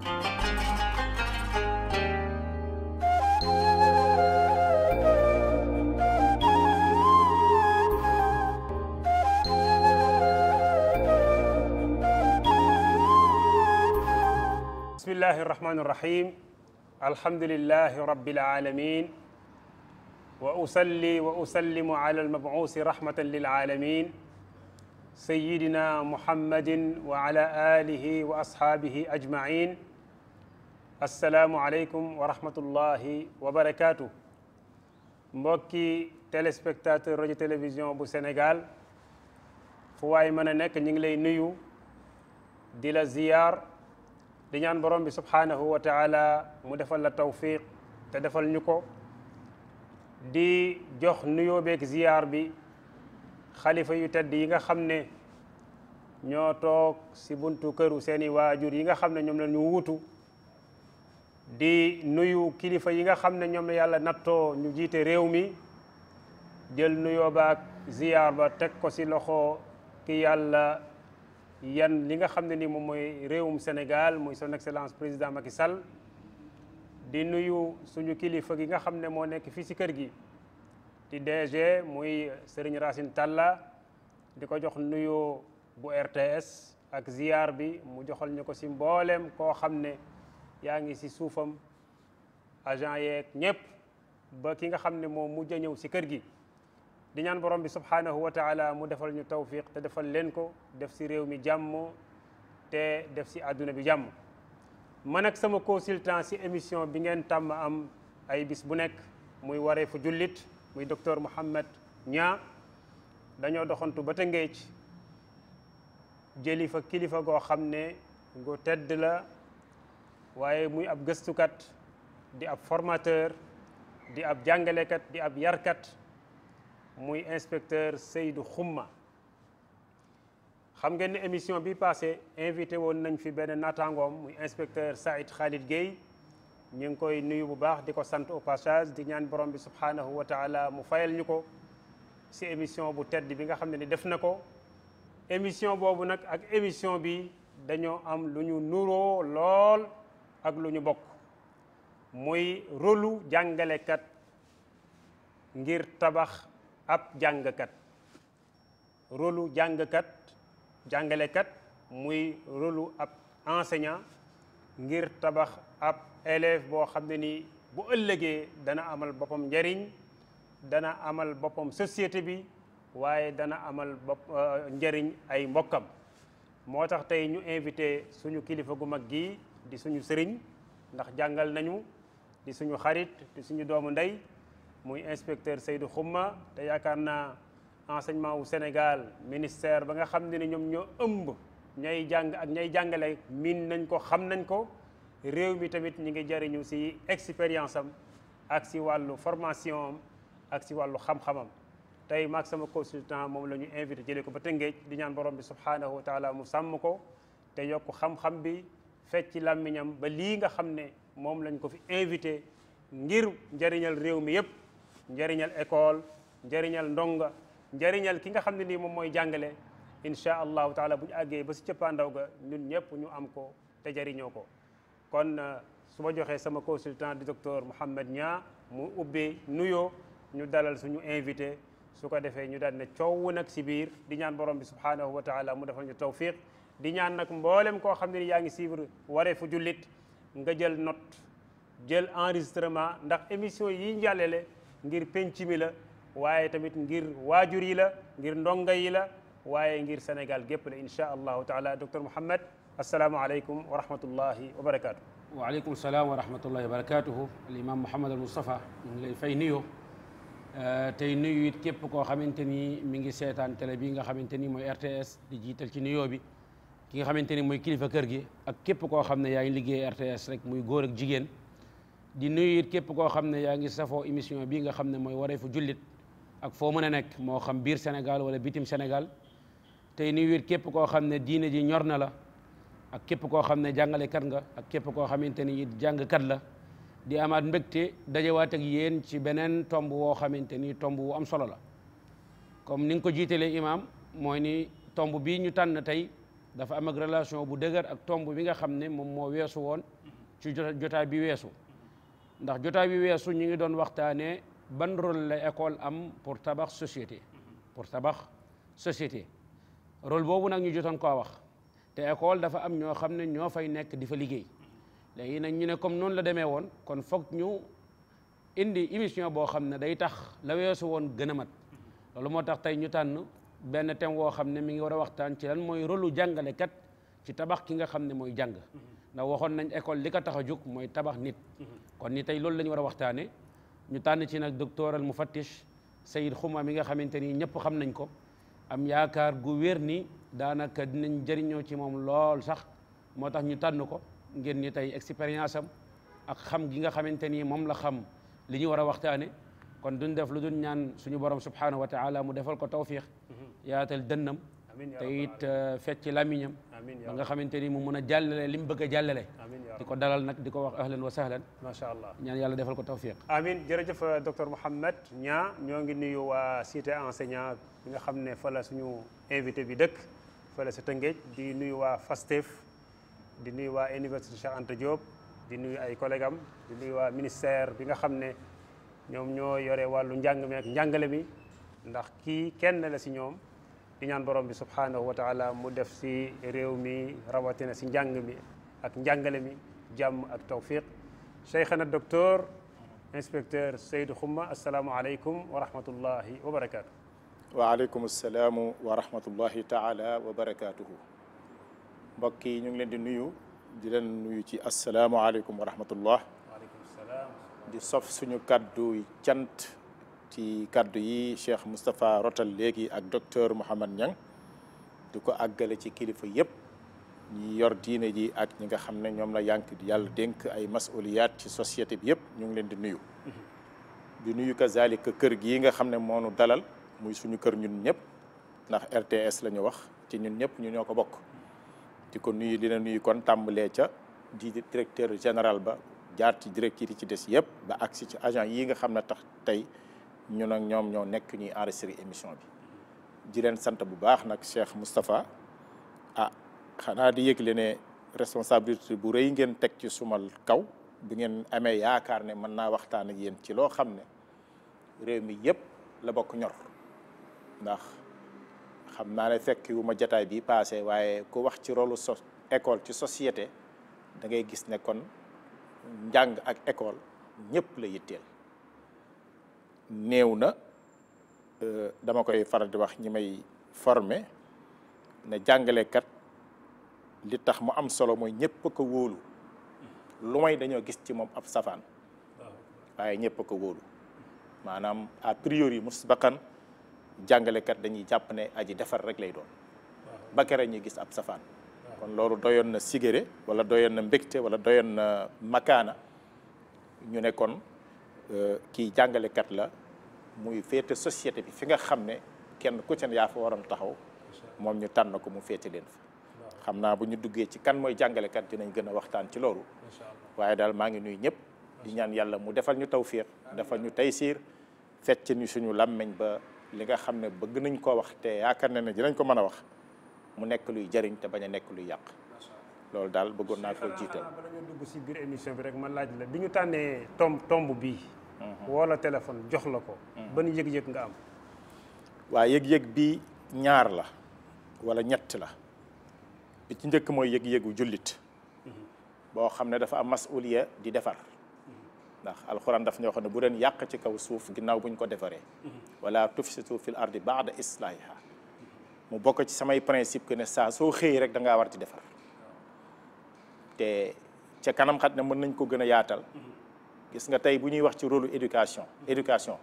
bismillahi irrahmani irrahim alhamdulilahi rabilalamin wa usalli wa usallimu ala almabuusi rahmatan lilalamin sayidina muhammadin wa ala alihi wa ashaabihi ajmain asalaamualeykum wa rahmatullahi wa barakaatu mbokki téléspectateur rajo télévision bu Sénégal fu waay mën a nekk ñu ngi lay nuyu di la ziyaar di ñaan borom bi subhaanahu wa taala mu defal la tawfiq te defal ñu ko di jox nuyoo beeg ziyaar bi xalifa yu tedd yi nga xam ne ñoo toog si buntu këru seeni waajur yi nga xam ne ñoom la ñu wuutu di nuyu kilifa yi nga xam ne ñoom la yàlla nattoo ñu jiite réew mi jël nuyoo baak ziyaar ba teg ko ci loxo ki yàlla yan li nga xam ne ni moom mooy réewum Sénégal muy son excellence président Macky Sall di nuyu suñu kilifa gi nga xam ne moo nekk fii si kër gi di DG muy sëriñ rasin Talla di ko jox nuyoo bu RTS ak ziyaar bi mu joxal ñu ko ci mbooleem koo xam ne yaa ngi si suufam agent yeeg ñëpp ba ki nga xam ne moo mujj a ñëw si kër gi di ñaan borom bi subhanahu wa taala mu defal ñu tawfiq te defal leen ko def si réew mi jàmm te def si àdduna bi jàmm man ak sama consultant si émission bi ngeen tàmm am ay bis bu nekk muy wareefu jullit muy docteur Mouhamed ñaa dañoo doxantu ba Tëngéej jëli fa kilifa goo xam ne gu tedd waaye muy ab gëstukat di ab formateur di ab jàngalekat di ab yarkat muy inspecteur Seydou Xumma xam ngeen ne émission bi passé invité woon nañ fi benn naataangoom muy inspecteur Saïd Khalid Gueye ñu ngi koy nuyu bu baax di ko sant au passage di ñaan borom bi subhanahu wa taala mu fayal ñu ko si émission bu tedd bi nga xam ne ni def na ko émission boobu nag ak émission bi dañoo am lu ñu nuroo lool ak lu ñu bokk muy rôlu jàngalekat ngir tabax ab jàngkat rôlu jàngkat jàngalekat muy rôlu ab enseignant ngir tabax ab élève boo xam ne ni bu ëllëgee dana amal boppam njariñ dana amal boppam société bi waaye dana amal bopp euh, njariñ ay mbokkam moo tax tey ñu invité suñu kilifa gu mag gi di suñu sëriñ ndax jàngal nañu di suñu xarit di suñu doomu ndey muy inspecteur Seydou Xumma te yaakaar naa enseignement wu Sénégal ministère ba nga xam ne ni ñoom ñoo ëmb ñay jàng ak ñay jàngale miin nañ ko xam nañ ko réew mi tamit ñu ngi jëriñu si expérience am ak si wàllu formation am ak si wàllu xam-xamam tey maag sama consultant moom la ñu invité jëlee ko ba Tëngéej di ñaan borom bi subhaanahu wa mu sàmm ko te yokk xam-xam bi fecc làmmiñam ba lii nga xam ne moom lañ ko fi invité ngir njariñal réew mi yépp njariñal école njariñal ndonga njariñal ki nga xam ne nii moom mooy jàngale incha allahu taala bu ñu àggee ba si cëppaandaw ga ñun ñëpp ñu am ko te jariñoo ko kon euh, su ma joxee sama consultant di docteur Mouhamed Niang mu ubbee nuyoo ñu dalal suñu invité su ko defee ñu daal ne coow nag si biir di ñaan borom bi subhanahu wa taala mu defal ñu tawfiq di ñaan nag mboolem koo xam ne yaa ngi suivre wareefu jullit nga jël not jël enregistrement ndax émission yi njàllale ngir penc mi la waaye tamit ngir waajur yi la ngir ndonga yi la waaye ngir Sénégal gépp la insha allahu taala docteur Mouhamed asalaamualeykum wa rahmatullahi wa barakaatu. waaleykum salaam wa rahmatullahi wa barakaatuhu al imam Mouhamed al Moustapha ñu ngi lay nuyoo euh, tey nuyu it képp koo xamante ni mi ngi seetaan bi nga xamante ni mooy RTS di jiital ci nuyoo bi. ki nga xamante ni mooy kilifa kër gi ak képp koo xam ne yaa ngi liggéey RTS rek muy góor ak jigéen di nuyu it képp koo xam ne yaa ngi safoo émission bii nga xam ne mooy wareefu jullit ak foo mën a nekk moo xam biir Sénégal wala bitim Sénégal tey nuyu it képp koo xam ne diine ji ñor na la ak képp koo xam ne kat nga ak képp koo xamante ni it jàngkat la di amaat mbégte dajewaat ak yéen ci beneen tomb woo xamante ni tomb wu am solo la comme ni nga ko jiitalee imaam mooy ni tomb bii ñu tànn tey. dafa am ak relation bu dëgër ak tomb bi nga xam ne moom moo weesu woon ci jotaay bi weesu ndax jotaay bi weesu ñu ngi doon waxtaanee ban rôle la école am pour tabax société pour tabax société rôle boobu nag ñu jotoon koo wax te école dafa am ñoo xam ne ñoo fay nekk di fa liggéey léegi nag ñu ne comme noonu la demee woon kon foog ñu indi émission boo xam ne day tax la weesu woon gën a mat loolu moo tax tey ñu tànn benn thème woo xam ne mi ngi war a waxtaan ci lan mooy jàngale kat ci tabax ki nga xam ne mooy jàng ndax waxoon nañ école li ko tax a jóg mooy tabax nit kon ni tey loolu la ñu war a waxtaane ñu tànn ci nag docteur al mufattish Sayid Xuma mi nga xamante ni ñëpp xam nañ ko am yaakaar gu wér ni daanaka dinañ jëriñoo ci moom lool sax moo tax ñu tànn ko ngeen ni tey expérience am ak xam gi nga xamante ni moom la xam li ñu war a waxtaane kon duñ def lu dul ñaan suñu borom subhanahu wa taala mu defal ko tawfiix mm-hmm. yaatal dënnam te it euh, fecc lamiñam ba nga xamante ni mu mun a jàllale li mu bëgg a jàllale di ko dalal nag di ko wax ahlan wa sahlan macha allah ñaan yàlla defal ko tawfiq amin jërëjëf euh, docteur Mouhamed ñaa ñoo ngi nuyu waa cité enseignant bi nga xam ne fala suñu invité bi dëkk fala la sa di nuyu waa FASTEF di nuyu waa université Cheikh Anta Diop di nuyu ay collègue am di nuyu waa ministère bi nga xam ne ñoom ñoo yore wàllu njàng mi ak njàngale mi ndax kii kenn la si ñoom di ñaan borom bi subhanahu wa taala mu def si réew mi rawatina si njàng mi ak njàngale mi jàmm ak tawfiq cheikhana docteur inspecteur Seydou Xumma asalaamualeykum wa rahmatullahi wa barakaatu. waaleykum asalaamu wa rahmatullahi taala wa barakaatuhu. mbokk yi ñu ngi leen di nuyu di leen nuyu ci asalaamualeykum wa rahmatullah di sof suñu kàddu cant ci kàddu yi Cheikh Moustapha rotal léegi ak docteur Mouhamad ñang di ko àggale ci kilifa yëpp ñi yor diine ji ak ñi nga xam ne ñoom la yànk yàlla dénk ay masuliyaat ci société bi yëpp ñu ngi leen di nuyu di nuyu kazalika kër gi nga xam ne moo nu dalal muy suñu kër ñun ñëpp ndax RTS lañu wax ci ñun ñëpp ñu ñoo ko bokk di ko nuyu dina nuyu kon tàmbalee ca di directeur général ba jaar ci directeur yi ci des yëpp ba agsi ci agent yi nga xam ne tax tey ñun ak ñoom ñoo nekk ñuy enregistré émission bi di leen sant bu baax nag Cheikh Moustapha ah xanaa di yëgle ne responsabilité bu rëy ngeen teg ci suma kaw bu ngeen amee yaakaar ne mën naa waxtaan ak yéen ci loo xam ne réew mi yëpp la bokk ñor ndax xam naa ne fekk wu ma jataay bi passé waaye ku wax ci rolu so école ci société da ngay gis ne kon njàng ak école ñëpp la yitteel néew na euh, dama koy faral di wax ñi may former ne jàngalekat li tax mu am solo mooy ñëpp ko wóolu lu may dañoo gis ci moom ab safaan waaye ñëpp ko wóolu maanaam a priori musbaqan jàngalekat dañuy jàpp ne aji defar rek lay doon ba kere ñuy gis ab safaan kon loolu doyoon na sigéré wala doyoon na mbégte wala doyoon na makaana ñu ne kon euh, kii jàngalekat la muy féete société bi fi nga xam ne kenn ku ci ne yaa fa waroon taxaw moom ñu tànn ko mu féete leen fa xam naa bu ñu duggee ci kan mooy jàngalekat dinañ gën a waxtaan ci loolu waaye daal maa ngi nuyu ñëpp di ñaan yàlla mu defal ñu taw tawfiq defal ñu taysiir fecc ni suñu làmmiñ ba li nga xam ne bëgg nañ ko wax te yaakaar na ne dinañ ko mën a wax mu nekk luy jariñ te bañ a nekk luy yàq loolu daal bëggoon naa ko jiital ba dañoo dugg si biir bi rek ma laaj la bi ñu tànnee tomb tomb bi mhm. woo la téléphone jox la ko mhm. ban yëg-yëg nga am waa yëg-yëg bi ñaar la wala ñett la bi ci njëkk mooy yëg-yëgu jullit mhm. boo xam ne dafa am masuliya di defar ndax alxuraan daf ñoo xam ne bu leen yàq ci kaw suuf ginnaaw buñ ko defaree wala tufsitu fil ardi baada islaahiha mu bokk ci samay principe que ne saa soo xëy rek dangaa ngaa war defar te ca kanam xat ne mën nañ koo gën a yaatal gis nga tey bu ñuy wax ci rolu éducation éducation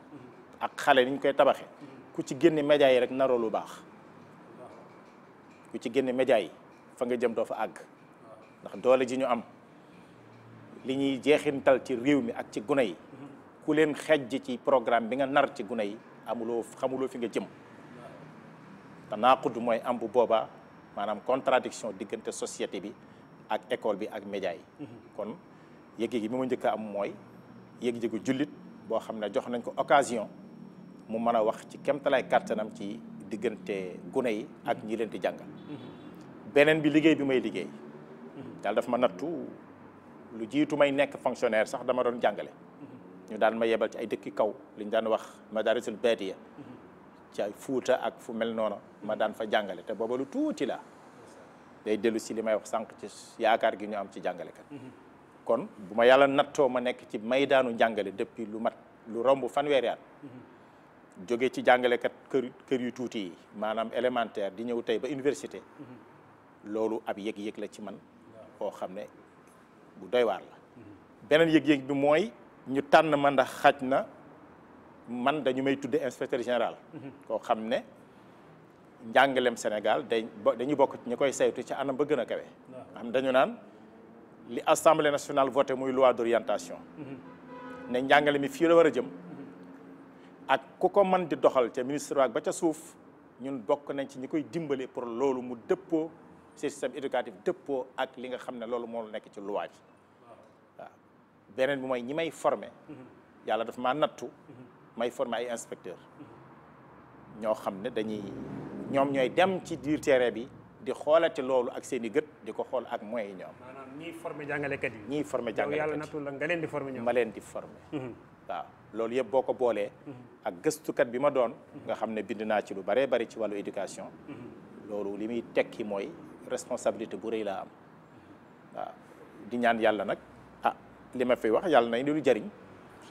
ak xale ni ñu koy tabaxe ku ci génne média yi rek naroo lu baax ku ci génne média yi fa nga jëm doo fa àgg ndax doole ji ñu am li ñuy jeexintal ci réew mi ak ci gune yi ku leen xejj ci programme bi nga nar ci gune yi amuloo xamuloo fi nga jëm tanaqud mooy am bu boobaa maanaam contradiction diggante société bi ak école bi ak média yi mhm. kon yëg-yëg bi mu njëkk a am mooy yëg-yëgu jullit boo xam ne jox nañ ko occasion mu mën a wax ci kemtalaay kàttanam ci diggante gune yi ak ñi leen di jàngal mhm. beneen bi liggéey bi may liggéey daal mhm. daf ma nattu lu jiitu may nekk fonctionnaire sax dama doon jàngale ñu daan ma yebal ci ay dëkki kaw li ñu daan wax madarisul baadiya ci ay fuuta ak fu mel noonu ma daan fa jàngale te booba lu tuuti la day dellu si li may sànq ci yaakaar gi ñu am ci jàngalekat kon bu ma yàlla nattoo ma nekk ci may daanu jàngale depuis lu mat lu romb fanweeri at ci jàngalekat kër kër yu tuuti yi maanaam élémentaire di ñëw tey ba université loolu ab yëg-yëg la ci man koo xam ne bu doy waar la beneen yëg-yëg bi mooy ñu tànn ma ndax xaj na man dañu may tudde inspecteur général koo xam ne njàngalem Sénégal dañ dañu bokk ñi koy saytu ci anam ba gën a kawe am dañu naan li assemblée nationale voté muy loi d'orientation mhm. ne njàngale mi fii la war a jëm mhm. ak ku ko mën di doxal ca ministre waag ba ca suuf ñun bokk nañ ci ñi koy dimbali pour loolu mu dëppoo système éducatif dëppoo ak li nga xam ne loolu moo nekk ci loi ji beneen bi mooy ñi may formé mhm. yàlla daf maa nattu may former ay inspecteur ñoo xam ne dañuy ñoom ñooy dem ci biir tere bi di xoolati loolu ak seeni gët di ko xool ak moyens yi ñoom. maanaam ñiy former jàngalekat yi. ñiy former jàngalekat yi yàlla nattul la nga leen di former ma leen di former. Mhm. waaw loolu yëpp boo ko boolee. Mhm. ak gëstukat bi ma doon. Mhm. nga xam ne bind naa ci lu baree bari ci wàllu éducation. loolu li muy tekki mooy responsabilité bu rëy laa am waaw di ñaan yàlla nag ah li ma fiy wax yàlla na lu jariñ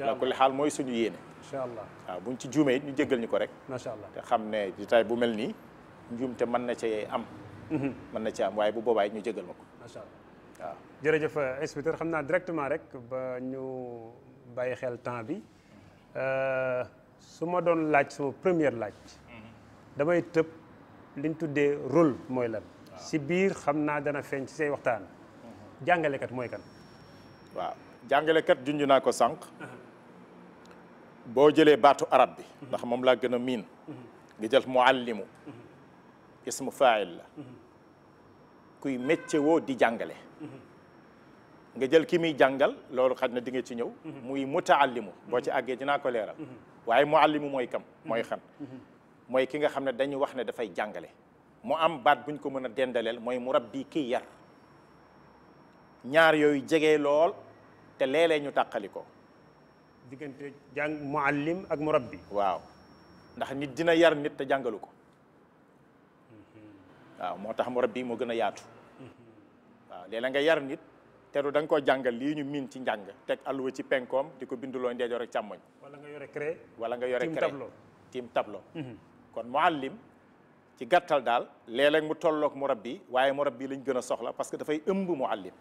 la kulli xaal mooy suñu yéene incha allah waaw buñ ci juumee ñu jéggal ñu ko rek macha allah te xam ne jotaay bu mel nii njuumte mën na cee am mhm. mën na ci am waaye bu boobaay ñu jéggal ma ko macha allah waaw jërëjëf euh, inspecteur xam naa directement rek ba ñu bàyyi xel temps bi euh, su ma doon laaj sama première laaj mhm. damay tëb liñ tuddee rôle mooy lan si biir xam naa dana feeñ ci say waxtaan mhm. jàngalekat mooy kan waaw jàngale kat junj naa ko sànq boo jëlee baatu arab bi ndax moom laa gën a miin nga jël muallimu ismu fail la kuy métier woo di jàngale nga jël ki muy jàngal loolu xaj na di ci ñëw muy mutaallimu boo ci àggee dinaa ko leeral waaye muallimu mooy kam mooy mooy ki nga xam ne dañu wax ne dafay jàngale mu am baat buñ ko mën a dendaleel mooy murabbi kiy yar ñaar yooyu jege lool te léeg ñu tàqali ko. diggante jàng muallim ak murabbi waaw ndax nit dina yar nit te jàngalu ko mm-hmm. waaw moo tax murabbi moo gën a yaatu. Mm-hmm. waaw léeg-léeg nga yar nit te du da koo jàngal lii ñu miin ci njàng teg alluwa ci penkoom di ko binduloo ndeejoor ak càmmoñ. wala nga yore cré wala nga yore cré tiim tableau mm-hmm. kon muallim ci gàttal daal léeg-léeg mu tolloog murabbi waaye murabbi lañ gën a soxla parce que dafay ëmb mu muallim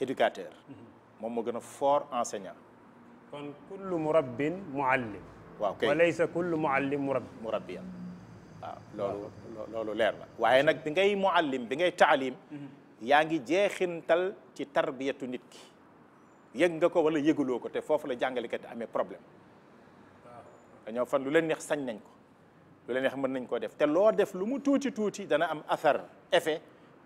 éducateur moom moo gën a fort enseignant kon kullu murabbin muallim waaw kay wa laysa kullu muallim murabbi murabbiyan waaw loolu leer la waaye nag bi ngay muallim bi ngay taalim yaa ngi jeexintal ci tarbiyatu nit ki yëg nga ko wala yëguloo ko te foofu la jàngalekat amee problème dañoo fan lu leen neex sañ nañ ko lu leen neex mën nañ koo def te loo def lu mu tuuti tuuti dana am athar effet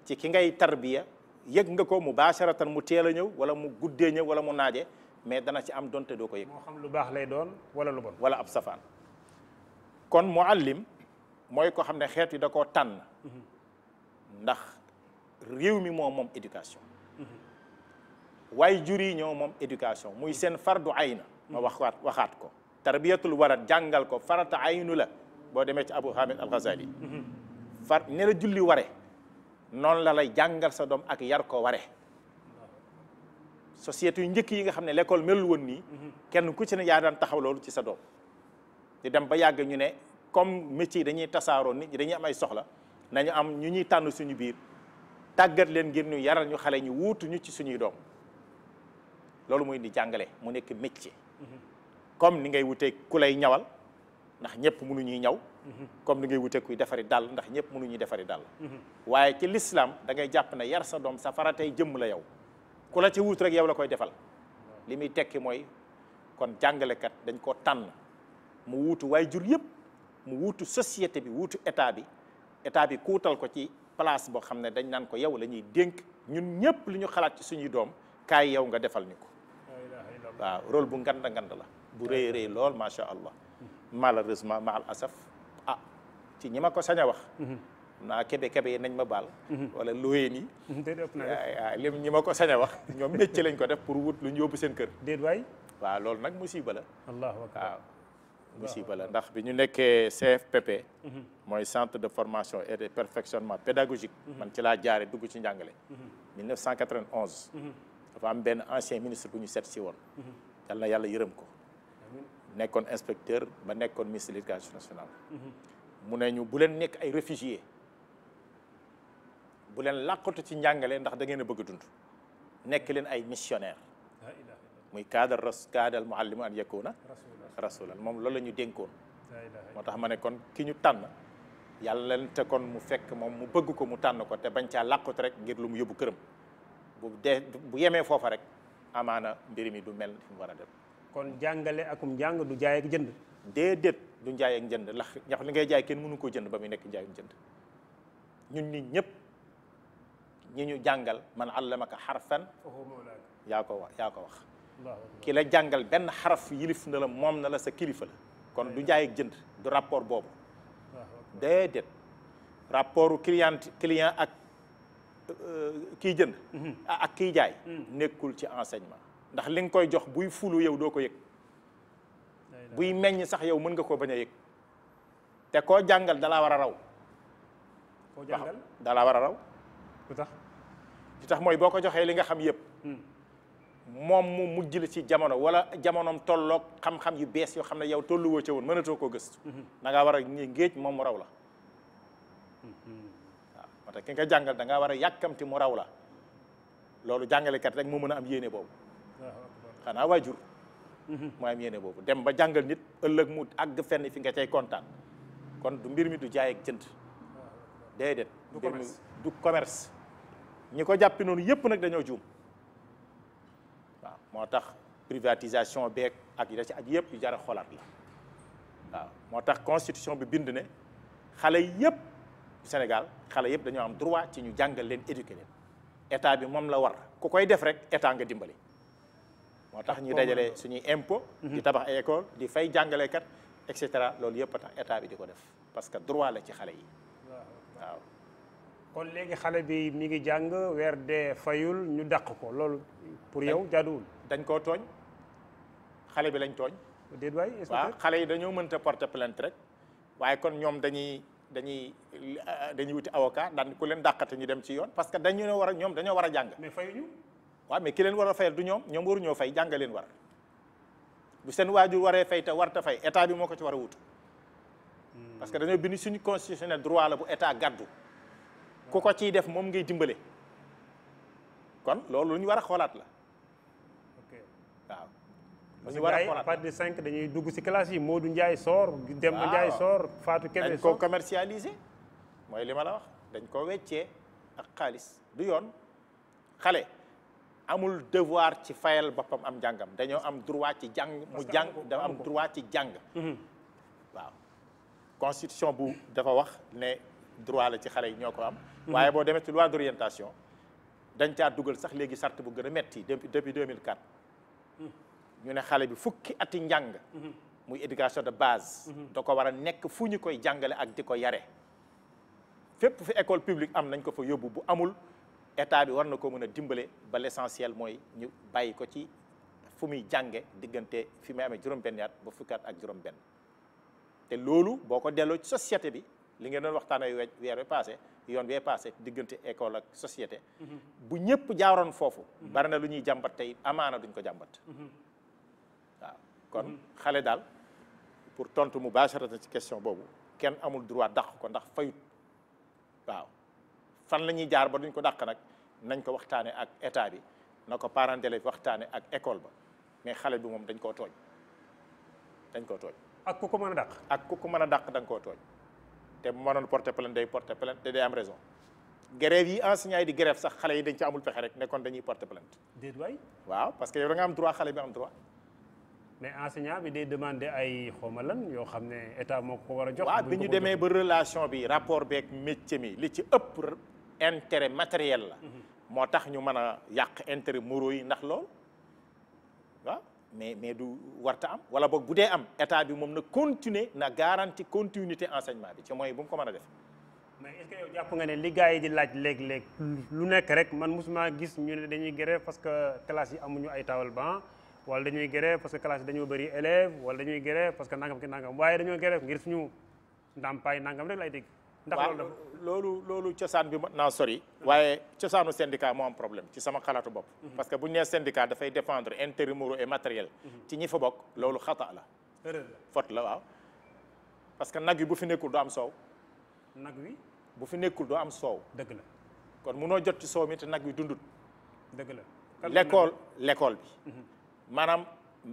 ci ki ngay tarbiya yëg nga ko mu baasaratan mu teel a ñëw wala mu guddee ñëw wala mu naaje mais dana ci am donte doo ko yëg. moo xam lu baax lay doon wala lu bon. wala ab safaan kon muallim mooy ko xam ne xeet yi da ko tànn mm-hmm. ndax réew mi moo moom éducation mm-hmm. waaye jur yi ñoo moom éducation muy seen fardu ayna ma mm-hmm. waxaat waxaat ko tarbiyatul warat jàngal ko farata aynu la boo demee ci Abu Hamid al Ghazali far ne la julli ware noonu la lay jàngal sa doom ak yar ko ware société yu njëkk yi nga xam ne lekkool melul woon nii kenn ku ci ne yaa daan taxaw loolu ci sa doom di dem ba yàgg ñu ne comme yi dañuy tasaaroo nit ñi dañuy am ay soxla nañu am ñu ñuy tànn suñu biir tàggat leen ngir ñu yaral ñu xale ñu wuutu ñu ci suñuy doom loolu muy di jàngale mu nekk métier mhm. comme ni ngay wutee ku lay ñawal ndax ñëpp mënuñuy ñaw comme ni ngay wute kuy defari dàll ndax ñëpp mënuñuy defari dàll waaye ci lislaam da ngay jàpp ne yar sa doom safara faratay jëmm la yow ku la ci wut rek yow la koy defal li muy tekki mooy kon jàngale kat dañ ko tànn mu wuutu waay jur yëpp mu wuutu société bi wuutu état bi état bi kuutal ko ci place boo xam ne dañ naan ko yow lañuy ñuy dénk ñun ñëpp li ñu xalaat ci suñuy doom kaay yow nga defal ni ko waaw rôle bu nganda ngand la bu rëyee rëy lool macha allah malheureusement ma al ci ñi ma ko sañ a wax mhm. naa kebe kebe nañ ma baal mhm. wala looyeen yi waaw ñi ma ko sañ wax ñoom métier lañ ko def pour wut lu ñu yóbbu seen kër déet waay waaw loolu nag musiba la allahu akbar waaw musiba la ndax bi ñu nekkee CFPP mhm. mooy centre de formation et de perfectionnement pédagogique man ci laa jaare dugg ci njàngale 1991 dafa am benn ancien ministre bu ñu seet si woon yal na yàlla yërëm ko nekkoon inspecteur ba nekkoon ministre de l'éducation nationale mu ne ñu bu leen nekk ay réfugié bu leen làqatu ci njàngale ndax dangeen a bëgg a dund nekk leen ay missionnaire muy kaadal ras kaadal muallimu an yakuna rasulan moom loolu la ñu dénkoon moo tax ma ne kon ki ñu tànn yàlla leen te kon mu fekk moom mu bëgg ko mu tànn ko te bañ caa làqatu rek ngir lu mu yóbbu këram bu dee bu yemee foofa rek amaana mbir mi du mel fi mu war a dem kon jàngale akum njàng du jaay ak jënd déedéet du njaay jënd njënd lax ñax li ngay jaay kenn mënu koo jënd ba mu nekk njaayum jënd ñun nit ñëpp ñi ñu jàngal man allamaka xarfan yaa ko wax yaa ko wax ki la jàngal benn xaraf yilif na la moom na la sa kilifa la kon du njaay ak jënd du rapport boobu déedéet rapportu client ak euh, kiy jënd mhm. ak kiy jaay mhm. nekkul ci enseignement ndax li nga koy jox buy fulu yow doo ko yëg buy meññ sax yow mën nga koo bañ a yëg te koo jàngal dalaa war a raw. koo jàngal dalaa war a raw. lu tax lu tax mooy boo ko joxee li nga xam yëpp. Hmm. moom mu mujj la ci jamono wala jamonom tolloog xam-xam yu bees yoo xam ne yow tolluwoo ca woon mënatoo koo gës hmm. da ngaa war a ngéej moom mu raw la. Hmm. waaw moo nga jàngal da ngaa war a yàkkamti mu raw la loolu jàngalekat rek mu mën a am yéene boobu. xanaa waajur. mu am yéene boobu dem ba jàngal nit ëllëg mu àgg fenn fi nga cay kontaan kon du mbir mi du jaay ak jënd déedéet mbir du commerce ñi ko jàppi noonu yëpp nag dañoo juum waaw moo tax privatisation beeg ak yi da ci aj yëpp yu jara xolaat la waaw moo tax constitution bi bind ne xale yëpp Sénégal xale yëpp dañoo am droit ci ñu jàngal leen éduquer leen état bi moom la war ku koy def rek état nga dimbali moo tax ñu dajale suñuy impôt di mhm. tabax ay école di fay jàngalekat et cetera loolu yëpp a tax état bi di ko def parce que droit la ci xale yi waaw kon léegi xale bi mi ngi jàng weer dee fayul ñu dàq ko loolu pour yow jaaduwul dañ koo tooñ xale bi lañ tooñ déet waay waaw xale yi dañoo mënta porter plainte rek waaye kon ñoom dañuy dañuy dañuy wuti avocat daan ku leen dàqate ñu dem ci yoon parce que dañu ne war ñoom dañoo war a jàng mais fayuñu waaw mais ki leen war a fayal du ñoom ñoom waruñoo fay jàngaleen leen war bu seen waajur waree fay te war ta fay état bi moo ko ci war a wut parce que dañoo bind suñu constitutionnel droit la bu état gàddu ku ko ciy def moom ngay dimbale kon loolu ñu war a xoolaat la waaw parce que gars yi de cinq dañuy dugg ci classe yi moo du njaay soor Demba Ndiaye soor Fatou Kébé dañ koo commercialisé mooy li ma la wax dañ koo weccee ak xaalis du yoon xale amul devoir ci fayal boppam am njàngam dañoo am droit ci jàng mu jàng dafa am droit ci jàng mhm. waaw constitution bu dafa wax ne droit la ci xale yi ñoo ko am mhm. waaye boo demee ci loi d'orientation dañ caa dugal sax léegi sart bu gën a metti depuis 2004 mhm. ñu ne xale bi fukki ati njàng muy éducation de base da ko war a nekk fu ñu koy jàngale ak di ko yare fépp fi école publique am nañ ko fa yóbbu bu amul état bi war na ko mën a dimbale ba l'essentiel mooy ñu bàyyi ko ci fu muy jànge diggante fi muy amee juróom-benn yaat ba fukkaat ak juróom-benn te loolu boo ko delloo ci société bi li ngeen doon waxtaan ay weer bi passé yoon bee passé diggante école ak société mm-hmm. bu ñëpp jaaroon foofu bari na lu ñuy jàmbat tey amaana duñ ko jàmbat mm-hmm. waaw kon mm-hmm. xale daal pour tontu mu baasarata ci question boobu kenn amul droit dàq ko ndax fayut waaw la ñuy jaar ko dàq nag nañ ko waxtaanee ak état bi na ko parents lay waxtaanee ak école ba mais xale bi moom dañ koo tooñ dañ ko tooñ. ak ku ko mën a dàq. ak ku ko mën a dàq da koo tooñ te bu ma doon porter plainte day porter plainte te day am raison grève yi enseignants yi sax xale yi dañ ci amul pexe rek nekkoon dañuy porter plainte. déet waay. waaw parce que yow da am droit xale bi am droit. mais enseignant bi day demandé ay xawma lan yoo xam ne état mook ko war a jox. waaw bi ñu demee ba relation bi rapport beek métier mi li ci ëpp. intérêt matériel la moo tax ñu mën a yàq intérêt moro yi ndax lool waaw mais mais du warta am wala boog bu dee am état bi moom na continuer na garantie continuité enseignement bi ci mooy bu mu ko mën a def mais est-ce jàpp nga ne li yi di laaj léeg-léeg lu nekk rek man mosuma gis ñu ne dañuy grève parce que classe yi amuñu ay table banc wala dañuy grève parce que classe yi dañoo bëri élèves wala dañuy grève parce que nangam ki nangam waaye dañoo grève ngir suñu ndàmpaay nangam rek lay dégg ndax loolu loolu cosaan bi mën naa sori. waaye cosaanu syndicat moo am problème ci sama xalaatu bopp. Mhm. parce que bu ñu nee syndicat dafay défendre intérêt moraux et matériel. Mhm. ci ñi fa bokk loolu xata la. foot la waaw. parce que nag yi bu fi nekkul doo am soow. nag wi. bu fi nekkul doo am soow. dëgg la kon mu noo jot ci soow mi te nag wi dundut. dëgg la l'école l'école bi. Mhm. maanaam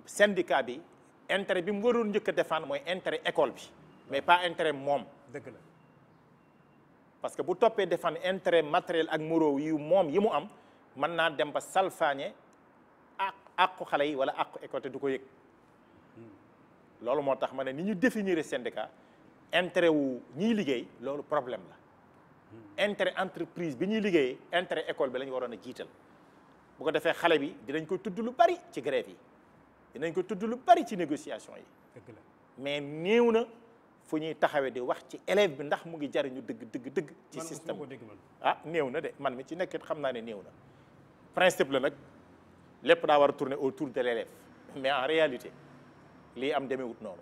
syndicat bi intérêt bi mu waroon njëkk a mooy intérêt école bi mais pas intérêt moom. dëgg la. parce que bu toppee defan intérêt matériel ak moraux yu moom yi mu am mën naa dem ba salfaañe ak àqu xale yi wala àqu école te du ko yëg loolu moo tax ma ne ni ñu définir syndicat intérêt wu ñuy liggéey loolu problème la intérêt entreprise bi ñuy liggéeyee intérêt école bi la waroon a jiital bu ko defee xale bi dinañ ko tudd lu bari ci grève yi dinañ ko tudd lu bari ci négociation yi mais néew na fu ñuy taxawee di wax ci élève bi ndax mu ngi jariñu dëgg dëgg dëgg ci système ah néew na de man mi ci nekkit xam naa ne néew na principe la nag lépp daa war a tourner autour de l'élève mais en réalité lii am demewut noonu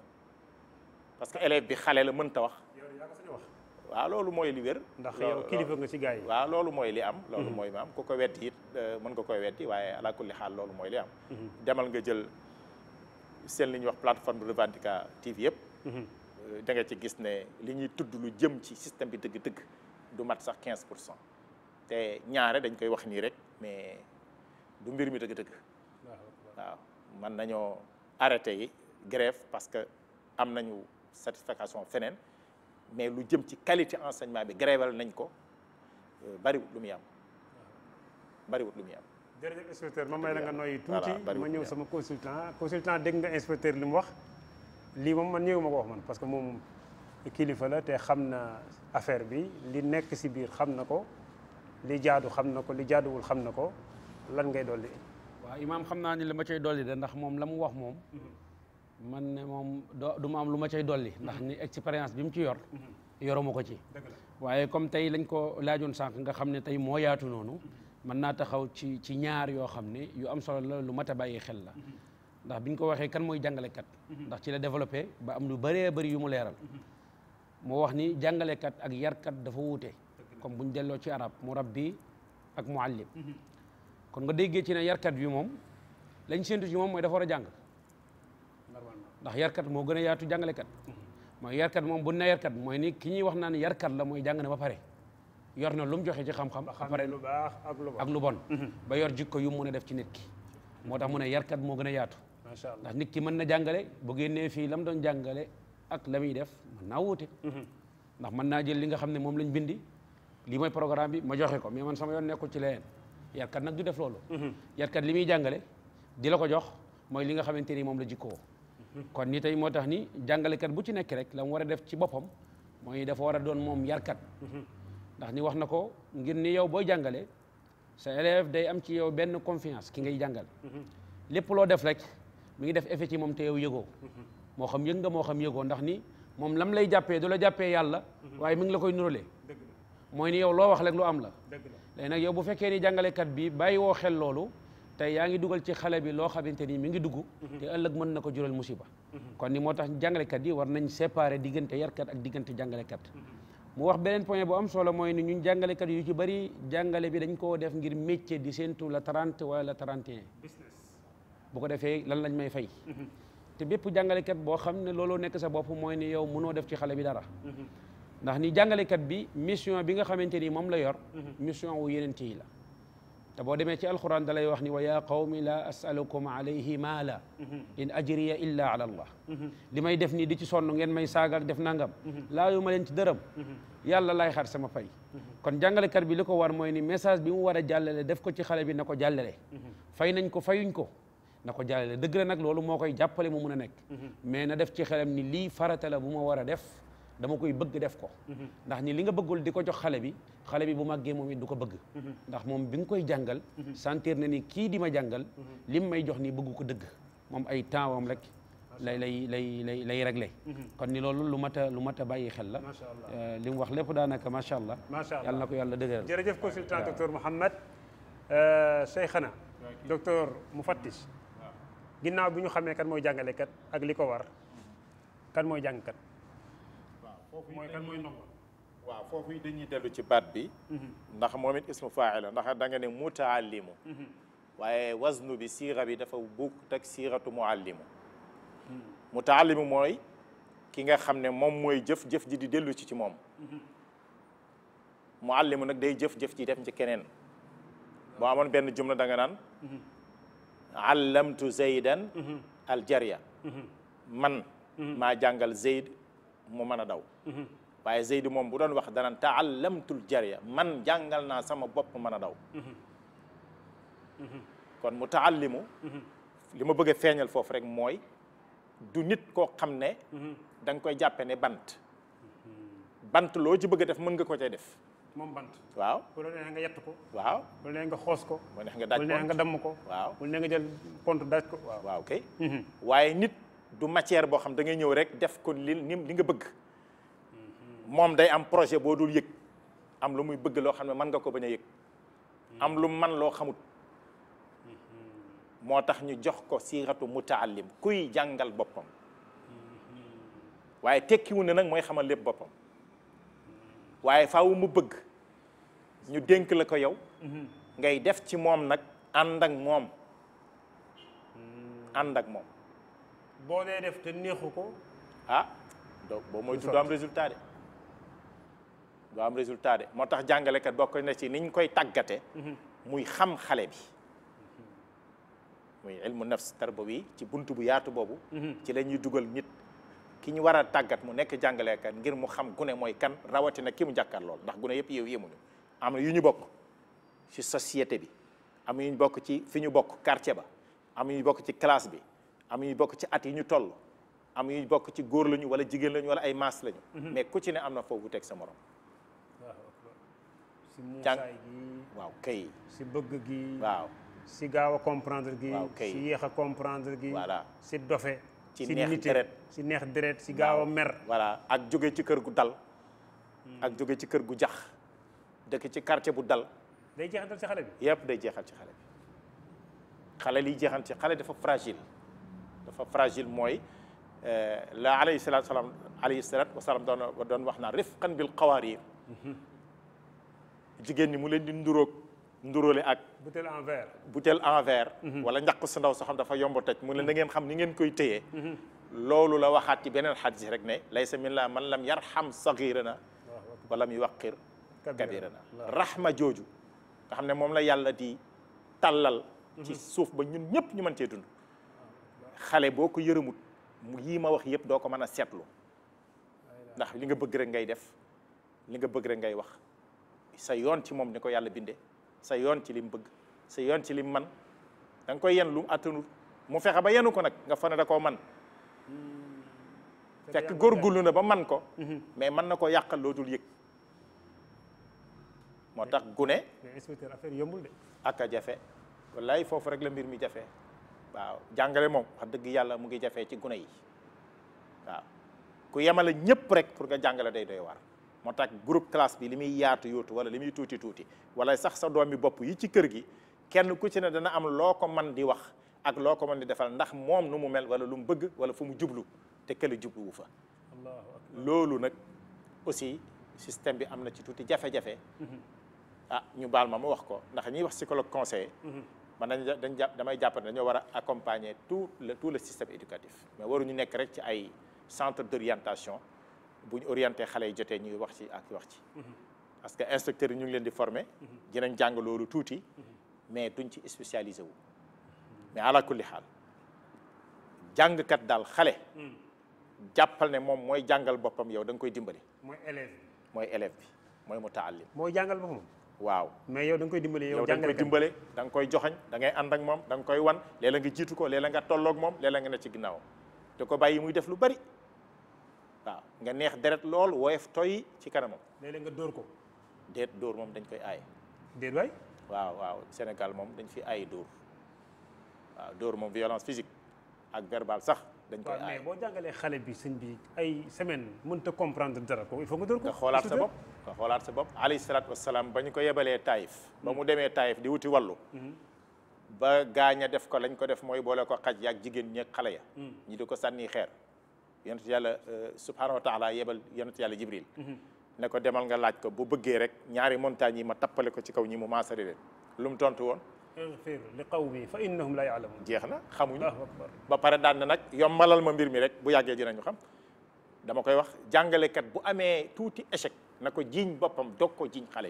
parce que élève bi xale la mënta wax waaw loolu mooy li wér ndax yow kilifa nga ci gars yi waaw loolu mooy li am loolu hmm. mooy ma am ko wetti it euh, mën nga koy wetti waaye ala kulli xaal loolu mooy li am hmm. demal nga jël seen li ñuy wax plateforme Revendica TV yëpp hmm. Euh, da nga ci gis ne li ñuy tudd lu jëm ci système bi dëgg-dëgg du mat sax 15 pour cent te ñaare dañ koy wax nii rek mais du mbir mi dëgg-dëgg. waaw man nañoo arrêté yi grève parce que am nañu satisfaction feneen mais lu jëm ci qualité enseignement bi gréval nañ ko euh, bariwut lu muy am bariwut lu muy am. jërëjëf inspecteur ma may la nga tuuti ma ñëw sama consultant consultant dégg nga inspecteur li mu wax. lii moom man ñëwuma ko wax man parce que moom kilifa la te xam na affaire bi li nekk si biir xam na ko li jaadu xam na ko li jaaduwul xam na ko lan ngay dolli. waaw imaam xam naa ni li ma cay dolli de ndax moom la mu wax moom. Mm-hmm. man ne moom du ma am lu ma cay dolli. ndax ni mm-hmm. expérience bi mu ci yor. Mm-hmm. yoruma ko ci. waaye comme tey lañ ko laajoon sànq nga xam ne tey moo yaatu noonu. mën naa taxaw ci ci ñaar yoo xam ne yu am solo la lu mat a bàyyi xel la. ndax bi ñu ko waxee kan mooy jàngalekat. Mhm. ndax ci la développé ba am lu bëree bari yu mu leeral. Mhm. moo wax ni jàngalekat ak yarkat dafa wuute. comme bu ñu delloo ci arab mu rabbi ak mu muallim mhm. kon nga déggee ci ne yarkat bi moom lañ séntu ci moom mooy dafa a jàng. ndax yarkat moo gën a yaatu jàngalekat. mooy moom bu ne mooy ni ki ñuy wax naan yarkat la mooy jàng na ba pare. yor na lu mu joxe ci xam-xam. ba pare lu baax ak lu bon. ba yor jikko yu mu mën a def ci nit ki. moo tax mu ne yarkat moo gën a yaatu. macha allah ndax nit ki mën na jàngale bu génnee fii la doon jàngale ak la muy def mën naa wuute mhm. ndax mën naa jël li nga xam ne moom lañ bindi lii mooy programme bi ma joxe ko mais man sama yoon nekkul ci leen yarkat nag du def loolu mhm. yarkat li muy jàngale di la ko jox mooy li nga xamante ni moom la jikkoo mhm. kon ni tey moo tax ni jàngalekat bu ci nekk rek lam mu war a def ci boppam mooy def war a doon moom yarkat ndax ni wax na ko ngir ni yow booy jàngale sa élève day am ci yow benn confiance ki ngay jàngal lépp loo def mi ngi def effet ci moom te yow yëgoo moo xam yëg nga moo xam yëgoo ndax ni moom lam lay jàppee du la jàppee yàlla waaye mi ngi la koy nurale mooy ni yow loo wax rek lu am la léegi nag yow bu fekkee ni jàngalekat bi bàyyi woo xel loolu tey yaa ngi dugal ci xale bi loo xamante ni mi ngi dugg te ëllëg mën na ko jural musiba kon nii moo tax jàngalekat yi war nañ séparer diggante yar yarkat ak diggante jàngalekat mu wax beneen point bu am solo mooy ni ñu ñun kat yu ci bari jàngale bi dañ koo def ngir métier di seentu la 30 wala la 31 bu ko defee lan lañ may fay te bépp jàngalekat boo xam ne looloo nekk sa bopp mooy ne yow mënoo def ci xale bi dara ndax ni jàngalekat bi mission bi nga xamante ni moom la yor mission wu yenente yi la te boo demee ci alquran da lay wax ni wa yaa qawmi laa asalukum alayhi maala in ajriya illa ala allah li may def nii di ci sonn ngeen may saagaak def nangam la ma leen ci dërëm yàlla laay xar sama pay kon jàngalekat bi li ko war mooy ni message bi mu war a jàllale def ko ci xale bi na ko jàllale fay nañ ko na ko jàllale dëgg la nag loolu moo koy jàppale mu mun a nekk mhm. mais na def ci xelam ni lii farata bu ma war a def dama koy bëgg def ko mhm. ndax ni li nga bëggul di ko jox xale bi xale bi bu màggee moom it du ko bëgg mhm. ndax moom bi nga koy jàngal sentir na ni kii di ma jàngal lim may jox ni bëggu ko dëgg moom ay temps wam rek lay lay lay lay lay réglé kon ni loolu lu mat a lu mat a bàyyi xel la euh, li mu wax lépp daanaka macha allah yàlla na ko yàlla dëgëral jërëjëf consultant docteur Mouhamed euh, Cheikhana docteur Moufattish ginnaaw bi ñu xamee kan mooy jàngalekat ak li ko war kan mooy jàngkat. waaw foofu mooy kan mooy ndongo. waaw foofu dañuy dellu ci baat bi. Mhm. ndax moom it ismu faa'il la ndax da nga ne mutaallimu. Mhm. waaye waznu bi siira bi dafa bukk teg siiratu muallimu. Mhm. mutaallimu mooy ki nga xam ne moom mooy jëf jëf ji di dellu ci ci moom. muallimu nag day jëf jëf ji def ci keneen. boo amoon benn jumla danga nga naan. allamtu zaydan mhm. aljaria mhm. man mhm. maa jàngal zayd mu mën a daw waaye zayd moom bu doon wax danaan taallamtul jaria man jàngal naa sama bopp mën a daw kon mu taallimu li ma bëgg a feeñal foofu rek mooy du nit koo xam ne da koy jàppe ne bant bant loo ci bëgg def mën nga ko cay def moom bant waaw bu la neexee ko waaw bu nga xoos ko bu nga daaj ko bu la neexee ko waaw bu nga jël pont daaj ko waaw waaw mhm. waaye nit du matière boo xam da ngay ñëw rek def ko li ni li nga bëgg mhm. moom day am projet boo dul yëg am lu muy bëgg loo xam ne mën nga ko bañ a yëg mhm. am lu man loo xamut moo tax ñu jox ko siiratu mutaallim kuy jàngal boppam waaye tekkiwu ne nag mooy xamal lépp boppam waaye faaw mu bëgg ñu dénk la ko yow ngay def ci moom nag ànd ak moom hmm. ànd ak moom boo dee def te neexu ko ah donc boo mooy doo am résultat de doo am résultat de moo tax jàngalekat bokk na ci niñ koy tàggate hmm. muy xam xale bi hmm. muy ilmu nafs tarbawi ci bunt bu yaatu boobu ci la dugal nit ki ñu war a tàggat mu nekk jàngalekat ngir mu xam gune mooy kan rawatina ki mu jàkkaar lool ndax gune yëpp yow yemuñu am na yu ñu bokk ci societé bi am yu ñu bokk ci fi ñu bokk quartier ba am yu ñu bokk ci classe bi am yu ñu bokk ci at yi ñu toll am yu ñu bokk ci góor lañu wala jigéen lañu wala ay maas lañu. Mhm. mais ku ci ne am na foofu teg sa morom. jàng waaw kay si bëgg gi waaw si gaaw a comprendre gi si yéex a comprendre gi voilà si dofe ci neex deret ci neex deret ci gaaw a mer. voilà ak jóge ci kër gu dal. Hmm. ak jóge ci kër gu jax dëkk ci karte bu dal. day jeexantal ci xale bi. yëpp day jeexal ci xale bi xale li jeexal ci xale dafa fragile dafa fragile mooy euh, la alayhi salaatu salaam alayhi salaatu wasalaam doon doon wax naa rifqan bil qawaariir hmm. jigéen ñi mu leen di nduróog. nduróole ak bouteille en verre bouteille en verre mhm. wala njaq su ndaw soo xam dafa yomb tëj mu ne mhm. na ngeen xam ni ngeen koy téye mhm. loolu la waxaat ci beneen xadis rek ne laysa min la man lam yarham sagiirana wala mu waqir kabirana rahma jooju nga xam ne moom la yàlla di tàllal ci suuf ba ñun ñëpp ñu man cee dund xale boo ko yërëmut mu yii ma wax yëpp doo ko mën a seetlu ndax li nga bëgg rek ngay def li nga bëgg rek ngay wax sa yoon ci moom ni ko yàlla binde sa yoon ci lim bëgg sa yoon ci lim man danga koy yen lu mu mu fexe ba yenu ko nag nga fa ne da koo man hmm. fekk góorgullu na ba man ko mhm. mais mën na ko yàqal loo yëg moo tax gune inspecteur affaire yombul ak a jafe wallaay foofu rek la mbir mi jafe waaw jàngale moom wax dëgg yàlla mu ngi jafe ci gune yi waaw ku yemale ñëpp rek pour nga jàngale day doy waar moo tax groupe classe bi li muy yaatu yóotu wala li muy tuuti tuuti wala sax sa doom bi bopp yi ci kër gi kenn ku ci ne dana am loo ko man di wax ak loo ko mën di defal ndax moom lu mu mel wala lu mu bëgg wala fu mu jublu te kële jubluwu fa loolu nag aussi système bi am na ci tuuti jafe-jafe mhm. ah ñu baal ma ma wax ko ndax ñuy wax psychologue conseiller mhm. man dañ dañ jàpp damay jàpp ne dañoo war a accompagner tout le tout le système éducatif mais waruñu nekk rek ci ay centre d'orientation bu ñu orienté xale yi jotee ñu wax ci ak wax ci. Mhm. parce que instructeurs yi ñu ngi leen di former. Mhm. dinañ jàng loolu tuuti. Mhm. mais duñ ci spécialisé wu. mais ala kulli xaal jàngkat daal xale. jàppal ne moom mooy jàngal boppam yow da nga koy dimbali. mooy élève mooy élève bi mooy mu taallim. mooy jàngal boppam. waaw mais yow da nga koy dimbali yow da nga koy da nga koy joxañ da ngay ànd ak moom danga nga koy wan léeg jiitu ko léeg-léeg nga tolloog moom léeg-léeg nga ne ci ginnaaw te ko bàyyi muy def lu bari. waaw nga neex deret lool woyof toy ci kanamam. léeg-léeg nga dóor ko. déet dóor moom dañ koy aay déet waay. waaw waaw Sénégal moom dañ fi aaye dóor dóor moom violence physique ak verbal sax. dañ koy aaye boo jàngalee xale bi sëñ bi ay semaine mënut a comprendre dara ko il faut nga dóor xoolaat sa bopp nga xoolaat sa bopp. alayhi salaatu wasalaam ba ñu ko yebalee Taïf. ba mu mm-hmm. demee Taïf di wuti wallu. Mm-hmm. ba gaañ a def ko lañ ko def mooy boole ko xaj yaak jigéen ñi xale ya. Mm. ñu di ko sànni xeer. yonent yàlla euh, subhaanahu wa taala yebal yonent yàlla jibril mhm. na ko demal nga laaj ko bu bëggee rek ñaari montagne yi ma tappale ko ci kaw ñi mu maasari leen lu mu tontu woon ighfir li qawmi fa innahum la ya'lamun jeex na xamuñu ba pare daan na nag yombalal ma mbir mi rek bu yàggee dinañu xam dama koy wax jàngalekat bu amee tuuti échec na ko jiiñ boppam dog ko jiiñ xale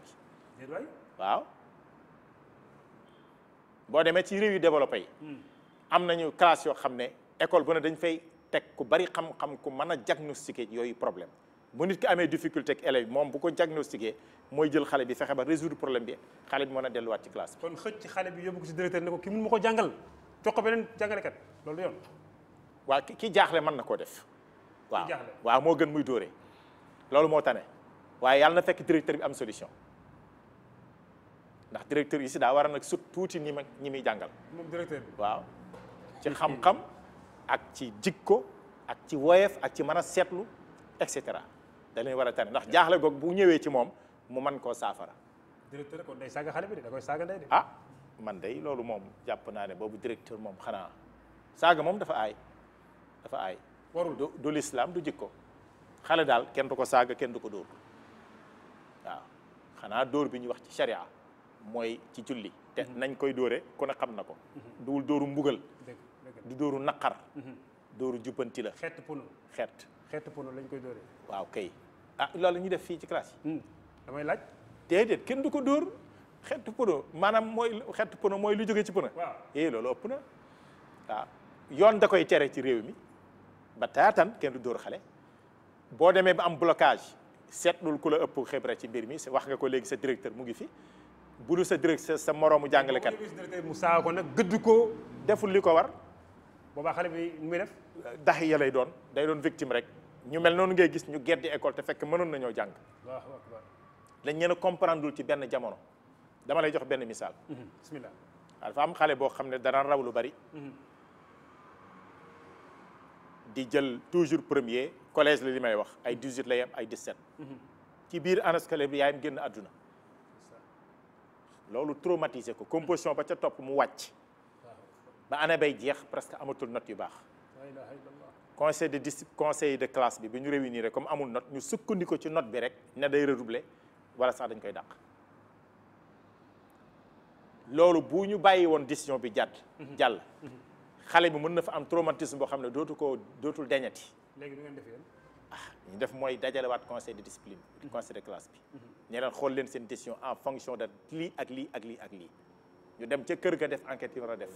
bi waaw boo demee ci réew yu yi hmm. am nañu classe yoo xam ne école bu ne dañ fay teg ku bari xam-xam ku mën a diagnostiquer yooyu problème bu nit ki amee difficulté ak élève moom bu ko diagnostiqué mooy jël xale bi fexe ba résoudre problème bi xale bi mën a waat ci classe kon xëcc xale bi yóbbu ko ci directeur ne ko ki mun ma ko jàngal jox ko beneen jàngalekat loolu yoon waaw ki jaaxle man na koo def waaw waaw moo gën muy doore loolu moo tane waaye yàlla na fekk directeur bi am solution ndax directeur yi si daa war a nag sut tuuti ñi ma ñi muy jàngal ci xam-xam ak ci jig ko ak ci woyef ak ci mën a seetlu et cetera da leen war a tane ndax jaaxle goog bu ñëwee ci moom mu mën koo saafara. directeur kon day saaga xale bi de da koy saaga ndey de. ah man day loolu moom jàpp naa ne boobu directeur moom xanaa saaga moom dafa aay dafa aay. warul du du lislaam du jikko daal kenn du ko saaga kenn du ko dóor waaw xanaa dóor bi ñuy wax ci sharia mooy ci julli. te mm-hmm. nañ koy dóore ku ne xam na ko. Mm-hmm. duwul dóoru mbugal. du dóoru naqar mhm. dóoru jubbanti la xeet pono xeet xeet pono lañ koy dóoree waaw kay ah loolu ñu def fii ci classe yi hmm. damay laaj kenn du ko dóor xeet pono maanaam mooy xeet pono mooy lu jógee ci pono waaw eh loolu na waaw ah, yoon da koy tere ci réew mi ba taatan kenn du dóor xale boo demee ba am blocage seetlul ku la ëpp xibra ci mbir mi wax nga ko léegi sa directeur mu ngi fi bulu sa directeur sa moroomu jàngalekat mu saa nag gëdd ko deful li ko war boobaa xale bi nu muy def dax ya lay doon day doon victime rek ñu mel noonu ngay gis ñu geddi école te fekk mënoon nañoo jàng dañ leen a comprendre ci benn jamono dama lay jox benn misaal mhm, bismillah waaw dafa am xale boo xam ne dana raw lu bari mhm. di jël toujours premier collège la li may wax ay 18 lay am ay 17 mhm. ci biir année scolaire bi yaayam génn àdduna loolu traumatisé ko composition ba ca topp mu wàcc ba année bay jeex presque amatul note yu baax conseil de discipline conseil de classe bi bu ñu réunir comme amul not ñu sukkandiku ci note bi rek ne day redoubler wala sax dañ koy dàq loolu bu ñu bàyyi woon décision bi jàdd mhm. jàll mhm. xale bi mën na fa am traumatisme boo xam ne dootu ko dootul deñati léegi nu ngeen defee ah ñu def mooy dajalewaat conseil de discipline mhm. conseil de classe bi ñu xool leen seen décision en fonction de lii ak lii ak lii ak lii ñu dem ca kër ga def enquête yi war a def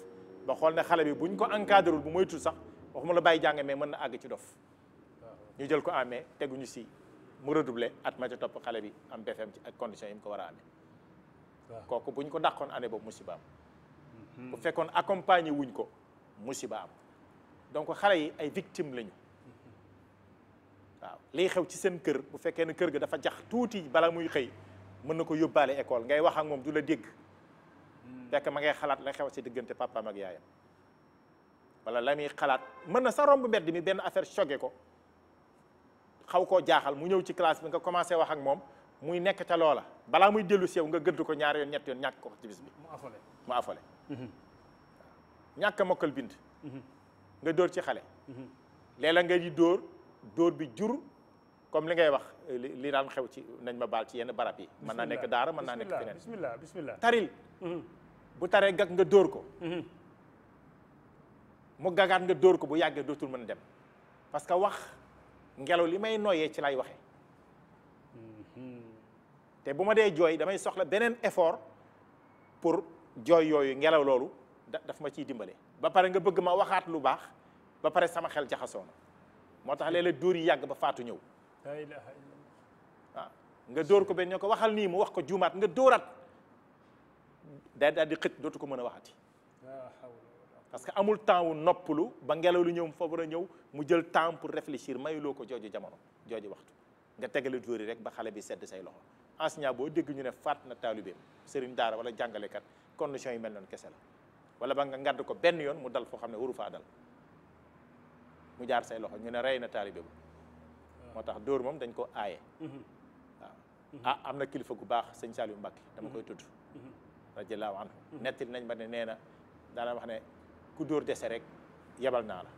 ba xool ne xale bi bu buñ ko encadré bu moytul sax waxuma la bàyyi jàng mais mën na àgg ci dof ñu jël ko amee teguñu si mu redoublé at ma topp xale bi am BFM ci ak condition yi ko war a amee kooku buñ ko dàqoon année boobu musiba am mhm. bu fekkoon accompagner wuñ ko musiba am donc xale yi ay victime lañu mhm. waaw liy xew ci seen kër bu fekkee ne kër ga dafa jax tuuti bala muy xëy mën na ko yóbbaale école ngay wax ak moom du la dégg fekk ma ngay xalaat la xew si diggante papaam ak yaayam wala la muy xalaat mën na sa romb mbedd mi benn affaire choqué ko xaw koo jaaxal mu ñëw ci classe bi nga commencé wax ak moom muy nekk ca loola balaa muy dellu si nga gëdd ko ñaar yoon ñett yoon ñàkk ko ci bi mu affolé mu affolé mhm. ñàkk a mokkal bind mhm. nga dóor ci xale mhm. léeg-léeg nga di dóor dóor bi jur comme li ngay wax li daan xew ci nañ ma baal ci yenn barab yi mën naa nekk daara mën naa nekk feneen bismillah bismillah bu taree gag nga dóor ko mhm. mu gagaat nga dóor ko bu yàggee dootul mën a dem parce que wax ngelaw li may nooyee ci lay waxe mhm. te bu ma dee jooy damay soxla beneen effort pour jooy yooyu ngelaw loolu da daf ma ciy dimbale ba pare nga bëgg ma waxaat lu baax ba pare sama xel jaxasoo moo tax léeg-léeg dóor yi yàgg ba faatu ñëw waaw nga dóor ko benn ñoo ko waxal nii mu wax ko juumaat nga dóoraat day daal di xëcc dootu ko mën a waxati parce que amul temps wu noppalu ba ngelaw lu ñëw fa war a ñëw mu jël temps pour réfléchir mayuloo ko jooju jamono jooju waxtu nga tegale jóori rek ba xale bi sedd say loxo enseignant boo dégg ñu ne faat na taalibeem sëriñ daara wala jàngalekat condition yi mel noonu kese la wala ba nga ngadd ko benn yoon mu dal foo xam ne waru faa dal mu jaar say loxo ñu ne rey na taalibe bu ah. moo tax dóor moom dañ ko aaye mhm. waaw mhm. ah am na kilifa gu baax sëñ Saliou Mbacke dama mhm. koy tudd radiallahu anhu nañ ma ne nee na daana wax ne ku dóor dese rek yebal naa la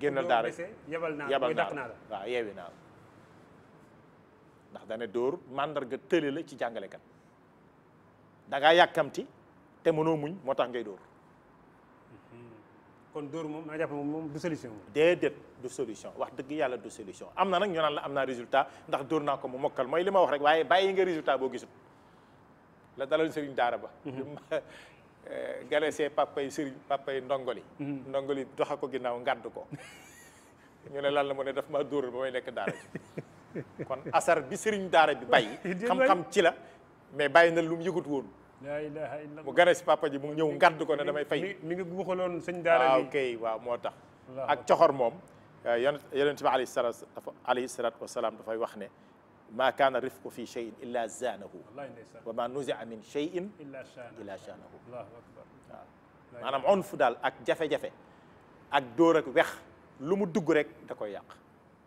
génnal daara yebal naa la waa yeewi naa la ndax dane dóor màndarga tële la ci jàngalekat da ngaa yàkkamti te mënoo muñ moo tax ngay dóor kon dóor moom naa jàpp moom du solution déedéet du solution wax dëgg yàlla du solution am na nag ñu naan la am naa résultat ndax dóor naa ko mu mokkal mooy li ma wax rek waaye bàyyi nga résultat boo gisul la daloon sëriñ daara ba ganesee papa yi sëriñ papa yi ndongoli ndongoli doxa ko ginnaaw ngàdd ko ñu ne lan la mu ne daf maa dóoral ba may nekk daara ji kon asar bi sëriñ daara bi bàyyi xam-xam ci la mais bàyyi na lu mu yëgut woon laa ilaha mu gane si ji mu ñëw ngàdd ko ne damay fay mi ngi guuxaloon sëñ daara bi waaw waaw moo tax ak coxor moom yonent yonent bi alayhi salaatu wasalaam dafay wax ne ma kaana rifqu fi cheyin illa zaanahu wa ma nuzia min cheyin illa shaanahu waaw maanaam onf daal ak jafe-jafe ak dóor ak wex lu mu dugg rek da koy yàq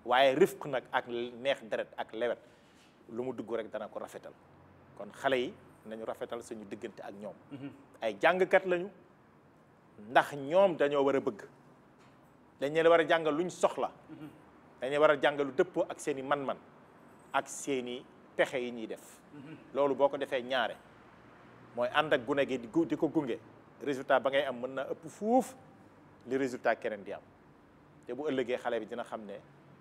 waaye rifq nag ak neex deret ak lewet lu mu dugg rek dana ko rafetal kon xale yi nañu rafetal suñu diggante ak ñoom mhm. ay jàngkat lañu ndax ñoom dañoo war a bëgg dañ leen war a jàngal luñ soxla mhm. dañ leen war a jàngal dëppoo ak seen i man-man ak seeni pexe yi ñuy def loolu boo ko defee ñaare mooy ànd ak gune gi di ko gunge résultat ba ngay am mën na ëpp fuuf li résultat keneen di am te bu ëllëgee xale bi dina xam ne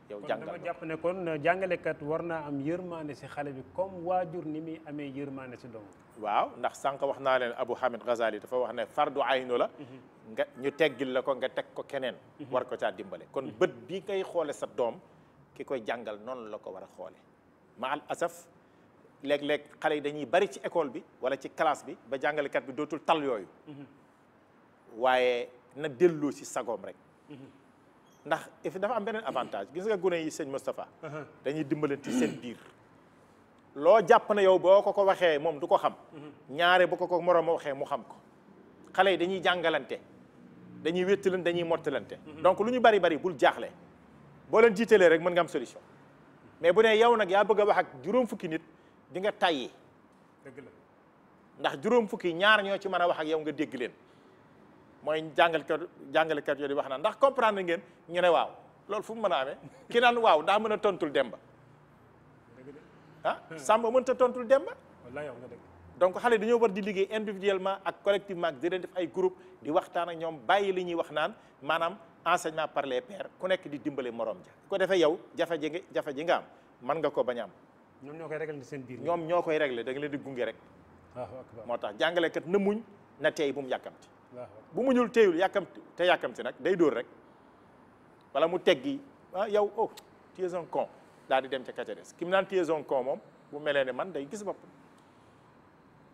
yow jàngal dama jàpp ne kon euh, jàngalekat war naa am yërmaande si xale bi comme waajur ni muy amee yërmaande si doom waaw ndax sànq wax naa leen Abu Hamid Ghazali dafa wax ne fardu aynu la mhm. nga ñu teggil la ko nga teg ko keneen mhm. war ko caa dimbale kon mhm. bët bi ngay xoole sa doom ki koy jàngal noonu la ko war a xoole ma al asaf léeg-léeg xale yi dañuy bari ci école bi wala ci classe bi ba jàngalekat bi dootul tal yooyu waaye na delloo si sagoom rek ndax if dafa am beneen avantage gis nga gune yi sëñ Moustapha dañuy dimbalante seen biir loo jàpp na yow boo ko ko waxee moom du ko xam ñaare bu ko ko moroom waxee mu xam ko xale yi dañuy jàngalante dañuy wéttalante dañuy mottalante uhuh. donc lu ñu bari bari bul jaaxle boo leen jiitalee rek mën nga am solution mais bu ne yow nag yaa bëgg a wax juróom fukki nit dinga nga dëgg la ndax juróom fukki ñaar ñoo ci mën a wax ak yow nga dégg leen mooy jàngalekat jàngalekat yooyu di wax naan ndax comprendre ngeen ñu waaw loolu fu mu mën a amee ki naan waaw daa mën a tontul demba ah mën mënta tontul demba wallaay wax nga dëgg donc xale dañoo war di liggéey individuellement ak collectivement ak di def ay groupe di waxtaan ak ñoom bàyyi li ñuy wax naan maanaam enseignement par les pairs ku nekk di dimbale morom ja ko defee yow jafe ji jafe ji nga am mën nga ko bañ a am. ñoom ñoo koy réglé seen biir. ñoom ñoo koy réglé da nga leen di gunge rek. moo tax jàngalekat na muñ na teey bu mu yàkkamti. bu muñul teeyul yàkkamti te yàkkamti nag day dóor rek wala mu teggi ah yow oh tu es un daal di dem ca kàcce des ki mu naan tu es moom bu melee ne man day gis bopp.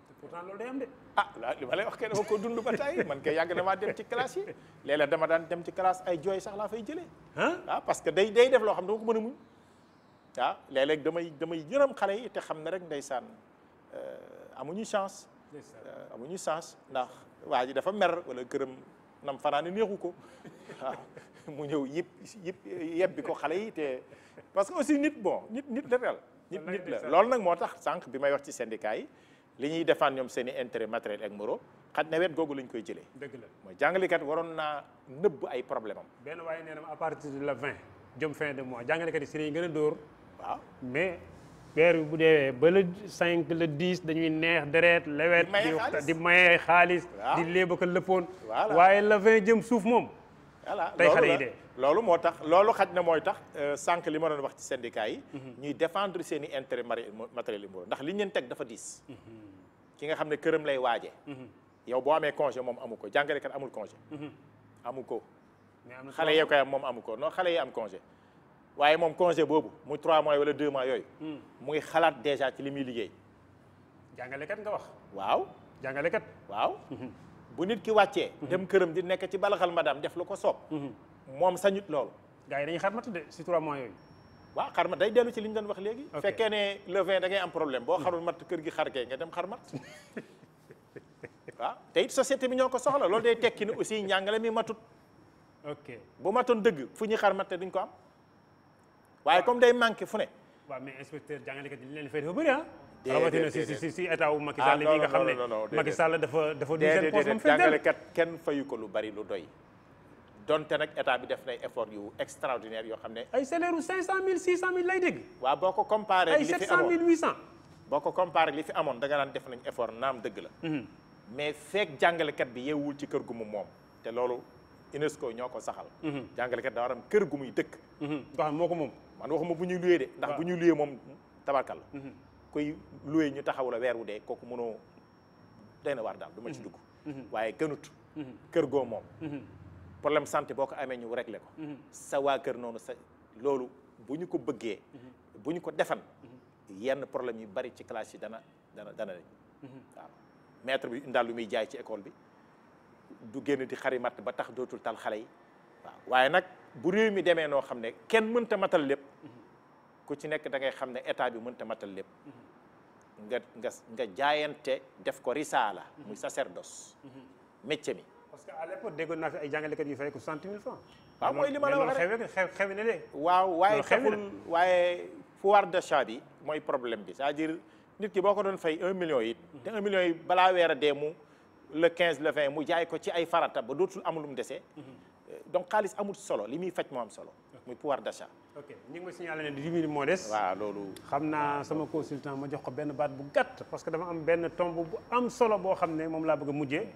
te pourtant loolu day de. ah li ma lay wax kay dama ko dund ba tey man kay yàgg damaa dem ci classe yi léeg dama daan dem ci classe ay jooy sax laa fay jëlee ah parce que day day def loo xam ne dama ko mën a muñ damay damay yërëm xale yi te xam ne rek ndeysaan amuñu chance amuñu chance ndax waa ji dafa mer wala këram nam fanaane neexu ko mu ñëw yëpp yëpp yebbi ko xale yi te parce que aussi nit bon nit nit la nit loolu nag moo tax sànq bi may wax ci syndicat yi li ñuy défendre ñoom seen i intérêt matériel ak moraux xaj na wet googu lañ koy jëlee. dëgg la mooy jàngalekat waroon na nëbb ay problème am. benn waaye nee na à partir de la vingt jëm fin de mois jàngalekat yi si yi gën a mais weer bi bu deewee ba le cinq le dix dañuy neex deret lewet di maye xaalis di léeba ko lëppoon. waaye la vingt jëm suuf moom. voilà tey xale yi dee loolu moo tax loolu xaj na mooy tax euh, sànq li ma doon wax ci syndicat yi. Mhm. ñuy défendre seen i intérêt matériel yi ndax li ñu leen teg dafa diis. Mhm. ki nga xam ne këram lay waaje mhm. yow boo amee congé moom amu ko jàngalekat amul congé. amu ko. xale yee koy am moom amu ko non xale yi am congé. waaye moom congé boobu mu 3 mois wala 2 mois yooyu. Hmm. muy xalaat déjà ci li muy liggéey. jàngalekat nga wax. waaw jàngalekat waaw. bu nit ki wàccee dem këram di nekk ci balaxal madame def lu ko soob mhm. moom sañut loolu gars yi dañuy xarmatu de si trois mois yooyu waaw xarmat day dellu ci li ñu doon wax léegi fekkee ne le vin da am problème boo mhm. xarul mat kër gi xarkee nga dem xarmat waaw te it société bi ñoo ko soxla loolu day tekki ne aussi njàngale mi matut ok bu matoon dëgg fu ñuy xar te dañ ko am waaye ah. comme day manqué fu ne waaw mais inspecteur jàngalekat yi leen fay dafa bëri ah rawatina si si si état wu Macky ah, Sall dafa du seen poste moom jàngalekat lu bari lu doy donte nag état bi def nay effort yu extraordinaire yoo xam ne ay salaire u cinq cent mille six cent mille lay dégg waaw boo ko comparé ay boo ko comparé li fi amoon da nga naan def nañ effort naam dëgg la mhm. mais feek jàngalekat bi yeewul ci kër gu mu moom te loolu UNESCO ñoo ko saxal mhm. jàngalekat daa war kër gu muy dëkk mhm. moo ko moom man waxuma bu ñuy luyee de ndax bu ñuy luyee moom tabarkal la koy loué ñu taxaw la weer wu dee kooku mënoo day na waar daal du ma ci mm-hmm. dugg mm-hmm. waaye gënut mm-hmm. kër goo moom problème santé boo ko amee ñu réglé ko sa waa kër noonu sa loolu bu ñu ko bëggee bu ñu ko defan yenn problème yu bari ci classe yi dana dana dana lañ waaw bi indaal lu muy jaay ci école bi du génn di xarimat ba tax dootul tal xale yi waaw waaye nag bu réew mi demee noo xam ne kenn mënta matal lépp ku ci nekk da ngay xam ne état bi mënta matal lépp nga nga nga jaayante def ko risaala muy sacerdoce métier mi parce que à l'époque déggoon yu fay ko cent mille francs waaw mooy li ma rek xew xew na de waaw waaye xewul waaye pouvoir d'achat bi mooy problème bi saa à dire nit ki boo ko doon fay un million yit te un million yi bala weer a dee mu le quinze le vingt mu jaay ko ci ay farata ba dootul amulum dese mhm. euh, donc xaalis amul solo li muy faj moo am solo muy pouvoir d'achat. ok ñu ngi ma signalé ne dix moo des. xam naa sama consultant ma jox ko benn baat bu gàtt parce que dafa am benn tomb bu am solo boo xam ne moom laa bëgg a mujjee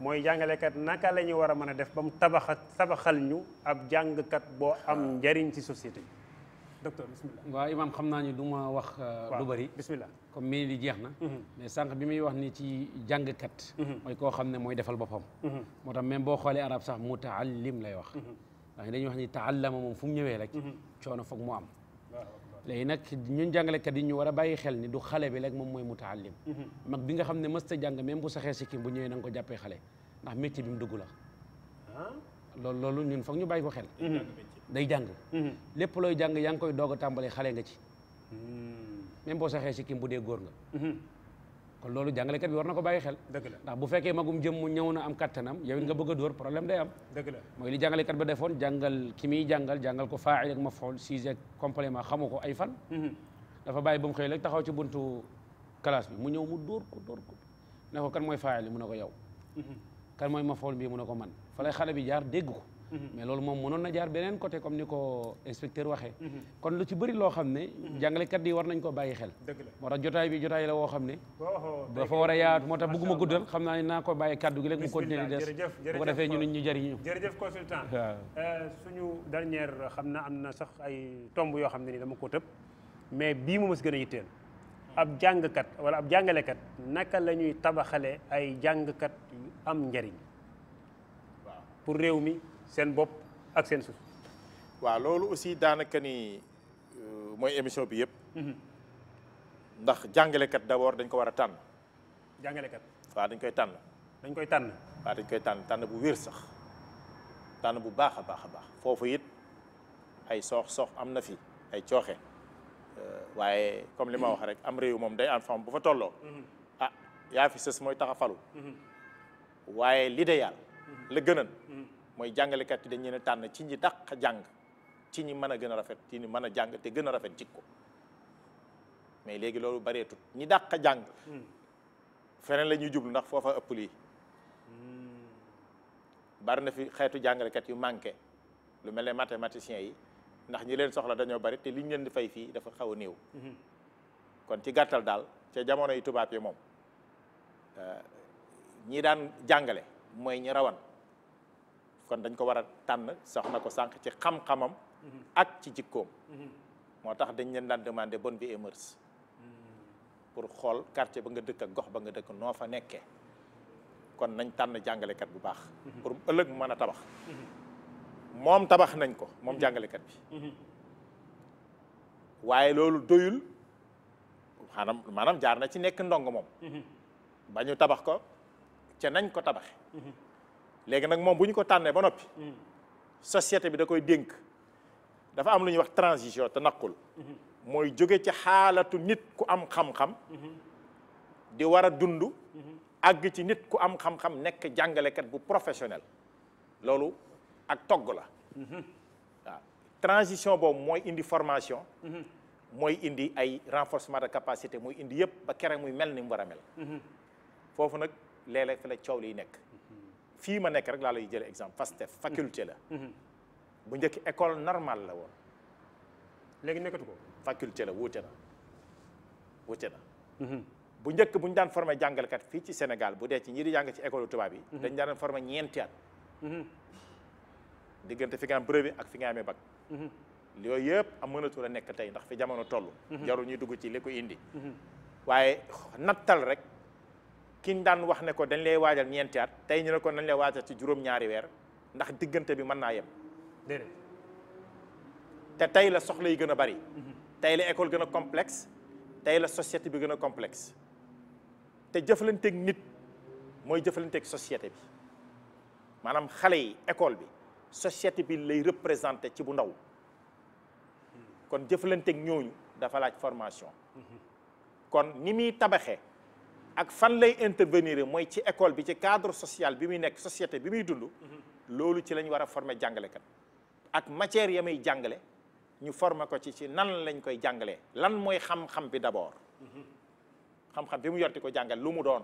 mooy jàngale kat naka la ñu war a mën a def ba mu tabaxa tabaxal ñu ab jàngkat boo am ah. njariñ ci société bi. docteur bismillah waaw imaam xam naa ni du ma wax euh, lu bari bismillah comme mii di jeex na mhm. mais sànq bi muy wax ni ci jàngkat mhm. mooy koo xam ne mooy defal boppam mhm. moo tax même boo xoolee arab sax mutaallim ndax dañuy wax ni taallama moom fu mu ñëwee rek mhm. coono foog mu am léegi nag ñun jàngalekat yi ñu war a bàyyi xel ni du xale bi rek moom mooy mutaallim mhm. mag bi nga xam ne mësta jàng même bu saxee sikkim bu ñëwee na ko jàppee xale ndax métier bi mu dugg la ah. loolu loolu ñun foog ñu bàyyi ko xel day jàng mhm. lépp looy jàng yaa ngi koy doog a tàmbalee xale nga ci hmm. même boo saxee sikkim bu dee góor nga kon loolu jàngalekat bi war na ko bàyyi xel ndax bu fekkee magum jëm mu ñëw na am kattanam yow it nga bëgg a problème day am dëgg la mooy li jàngalekat ba defoon jàngal ki muy jàngal jàngal ko faa'il ma maf'ul sujet ak complément xamu ko ay fan mhm. dafa bàyyi ba mu xëy rek taxaw ci buntu classe bi mu ñëw mu dóor ko dóor ko ne kan mooy faa bi mu ne ko yow mhm. kan mooy maf'ul bi mu ne ko man fa lay xale bi jaar dégg ko Mm-hmm. mais loolu moom mënoon na jaar beneen côté comme ni ko inspecteur waxee mm-hmm. kon lu ci bëri loo xam ne mm-hmm. jàngalekat yi war nañ ko bàyyi xel moo tax jotaay bi jotaay la woo xam ne dafa war a moo tax bëgguma guddal xam naa ne naa ko bàyyi kàddu gi rek mu continuer di des bu ko defee ñu nit ñu jëriñu jërëjëf consultant waaw euh, suñu xam na am na sax ay tomb yoo xam ne ni dama koo tëb mais bii moom a gën a yitteel ab jàngkat wala ab jàngale kat naka la ñuy tabaxale ay jàngkat yu am njariñ pour réew mi seen bopp ak seen suuf. waaw loolu aussi daanaka ni euh, mooy émission bi yëpp. Mhm. ndax jàngalekat d'abord dañ ko war a tànn. jàngalekat waaw dañ koy tànn. dañ koy tànn. dañ koy tànn tànn bu wér sax tànn bu baax a baax a baax foofu it ay soox-soox am na fi ay cooxe euh, waaye comme li ma wax rek am réew moom day am fam bu fa tolloo. Mhm. ah yaa fi sës mooy tax a falu. Mhm. waaye l'idéal la gënan mooy jàngalekat yi dañ leen tànn ci ñi dàq jàng ci ñi mën a gën a rafet ci ñi mën a jàng te gën a rafet ko mais léegi loolu bareetut ñi dàq jàng feneen la ñuy jublu ndax foofa ëpp lii bari na fi xeetu jàngalekat yu manqué lu mel ne mathématiciens yi ndax ñi leen soxla dañoo bari te liñ leen di fay fii dafa xaw a néew kon ci gàttal daal ca jamono yi tubaab yi moom euh, ñi daan jàngale mooy ñi rawan kon dañ ko war a tànn soxna ko sànq ci xam-xamam ak ci jikkoom moo tax dañ leen daan demandé bon vie et mœurs pour xool quartier ba nga dëkk ak gox ba nga dëkk noo fa nekkee kon nañ tànn jàngalekat bu baax pour ëllëg mu mën a tabax moom tabax nañ ko moom jàngalekat bi waaye loolu doyul maanaam maanaam jaar na ci nekk ndong moom ba ñu tabax ko ca nañ ko tabaxe léegi nag moom bu ñu ko tànnee ba noppi société bi da koy dénk dafa am lu ñuy wax transition te naqul mooy jóge ci xaalatu nit ku am xam-xam di war a dund àgg ci nit ku am xam-xam nekk jàngalekat bu professionnel loolu ak togg la waaw transition boobu mooy indi formation mooy indi ay renforcement de capacité mooy indi yëpp ba kere muy mel ni mu war a mel foofu nag léeg-léeg fi la coow liy nekk fii ma nekk rek laa lay jëlee exemple FASTEF faculté la mm-hmm. Mm-hmm. bu njëkk école normale la woon léegi nekkatu ko faculté la wuute na wuute na mm-hmm. bu njëkk bu daan forme jàngalkat fii ci Sénégal bu dee ci ñi di jàng ci école tubaab yi dañ daan formé ñeenti at diggante fi nga am brevet ak fi nga amee bac yooyu yëpp am mënatu la nekk tey ndax fi jamono toll jarul ñuy dugg ci li ko indi waaye nattal rek kiñ daan wax ne ko dañ lay waajal ñeenti at tey ñu ne ko dañ lay waajal ci juróom-ñaari weer ndax diggante bi mën naa yem. te tey la soxlay gën a bari. Mhm. tey la école gën a complexe tey la société bi gën a complexe te jëflanteeg nit mooy jëflanteeg société bi maanaam xale yi école bi société bi lay représenté ci bu ndaw hmm. kon jëflanteeg ñooñu dafa laaj formation. Mhm. kon ni muy tabaxee. ak fan lay intervenir mooy ci école bi ci cadre sociale bi muy nekk société bi muy dund loolu ci lañ war a jàngale jàngalekat ak matière ya jàngale ñu former ko ci ci nan lañ koy jàngalee lan mooy xam-xam bi d'abord xam-xam bi mu yorti ko jàngale lu mu doon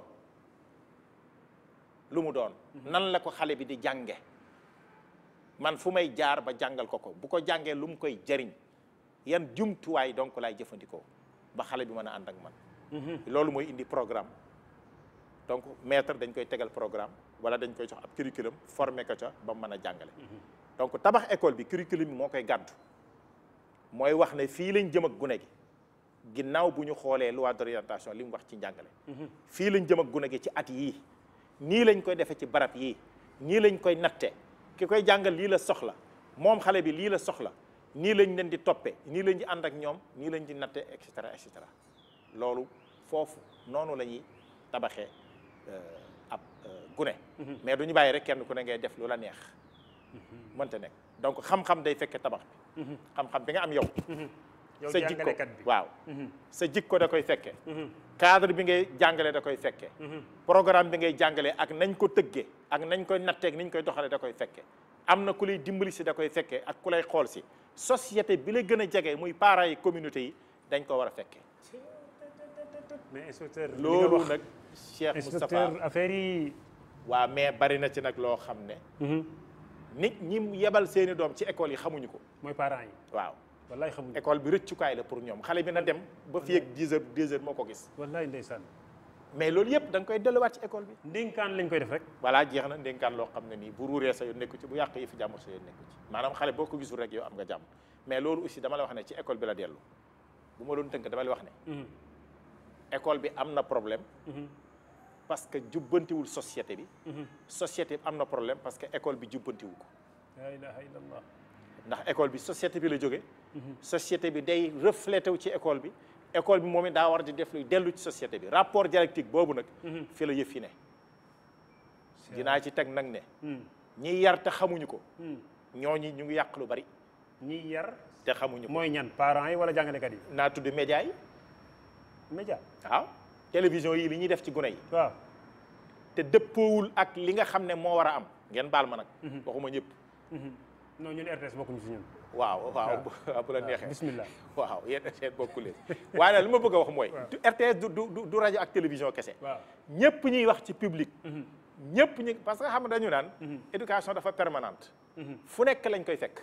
lu mu doon nan la ko xale bi di jànge man fu may jaar ba jàngal ko ko bu ko jàngee lu mu koy jariñ yan jumtuwaay donc laay jëfandikoo ba xale bi mën a ànd ak man Mm-hmm. loolu mooy indi programme donc maître dañ koy tegal programme wala dañ koy jox ab curriculum formé ko ca ba mu mën a jàngale. Mm-hmm. donc tabax école bi curriculum bi moo koy gàddu mooy wax ne fii lañ jëm ak gune gi ginnaaw bu ñu xoolee loi d'orientation li wax ci njàngale. Mm-hmm. fii lañ jëm ak gune gi ci at yii nii lañ koy defee ci barab yii nii lañ koy natte ki koy jàngal lii la soxla moom xale bi lii la soxla nii lañ leen di toppee nii lañ di ànd ak ñoom nii lañ di natte et cetera et loolu. foofu noonu la ñuy tabaxee euh, ab euh, gune mhm. mais du ñu bàyyi rek kenn ku ne ngay def lu la neex mhm. mënta nekk donc xam-xam day fekke tabax bi mhm. xam-xam bi nga am yow sa jikko waaw sa jikko da koy fekke cadre bi ngay jàngale da koy fekke programme bi ngay jàngale ak nañ ko tëggee ak nañ koy natteeg niñ koy doxale da koy fekke am na ku lay dimbali si da koy fekke ak ku lay xool si société bi la gën a jege muy parents yi communauté yi dañ ko war a fekke mais inspecteur loolu nag Cheikh Moustapha affaire yi waa mais bari na ci nag loo xam ne mhm. nit ñi yebal seeni doom ci école yi xamuñu ko mooy parents yi waaw wallaay xamuñu école bi rëccukaay la pour ñoom xale bi na dem ba fii ak dix heures dix heures moo ko gis wallaay ndeysaan mais loolu yëpp da nga koy delluwaat ci école bi ndénkaan lañ koy def rek voilà jeex na ndénkaan loo xam ne nii bu ruuree sa yoon nekku ci bu yàq yi fi jàmbur sa yoon nekku ci maanaam xale boo ko gisul rek yow am nga jàmm mais loolu la wax ne ci bi la dellu bu ma doon dama la wax ne mhm. école bi am na problème. Mhm. parce que jubbantiwul société bi. Mhm. société bi am na problème parce que école bi jubbantiwu ko. la ilaha illallah. ndax école bi société bi la jóge mhm. société bi day reflété wu ci école bi. école bi moom it daa war di def luy dellu ci société bi rapport dialectique boobu nag. fi la yëf yi ne. dinaa ci teg nag ne. ñiy yar te xamuñu ko. ñooñi ñu ngi yàq lu bari. ñiy yar. te xamuñu ko mooy ñan parent yi wala jàngalekat yi. naa tudd média yi. média waaw télévision yii li ñuy def ci gune yi. te dëppoowul ak li nga xam ne moo war a am ngeen baal ma nag. Mhm. waxuma ñëpp. Mhm. non ñun RTS bokkuñu si ñun. waaw waaw bu la neexee bismillah waaw yéen RTS li ma bëgg a wax mooy. RTS du du rajo ak télévision kese. waaw ñëpp ñuy wax ci public. Mhm. ñëpp ñi parce que xam nga dañu naan. éducation dafa permanente. fu nekk lañ koy fekk.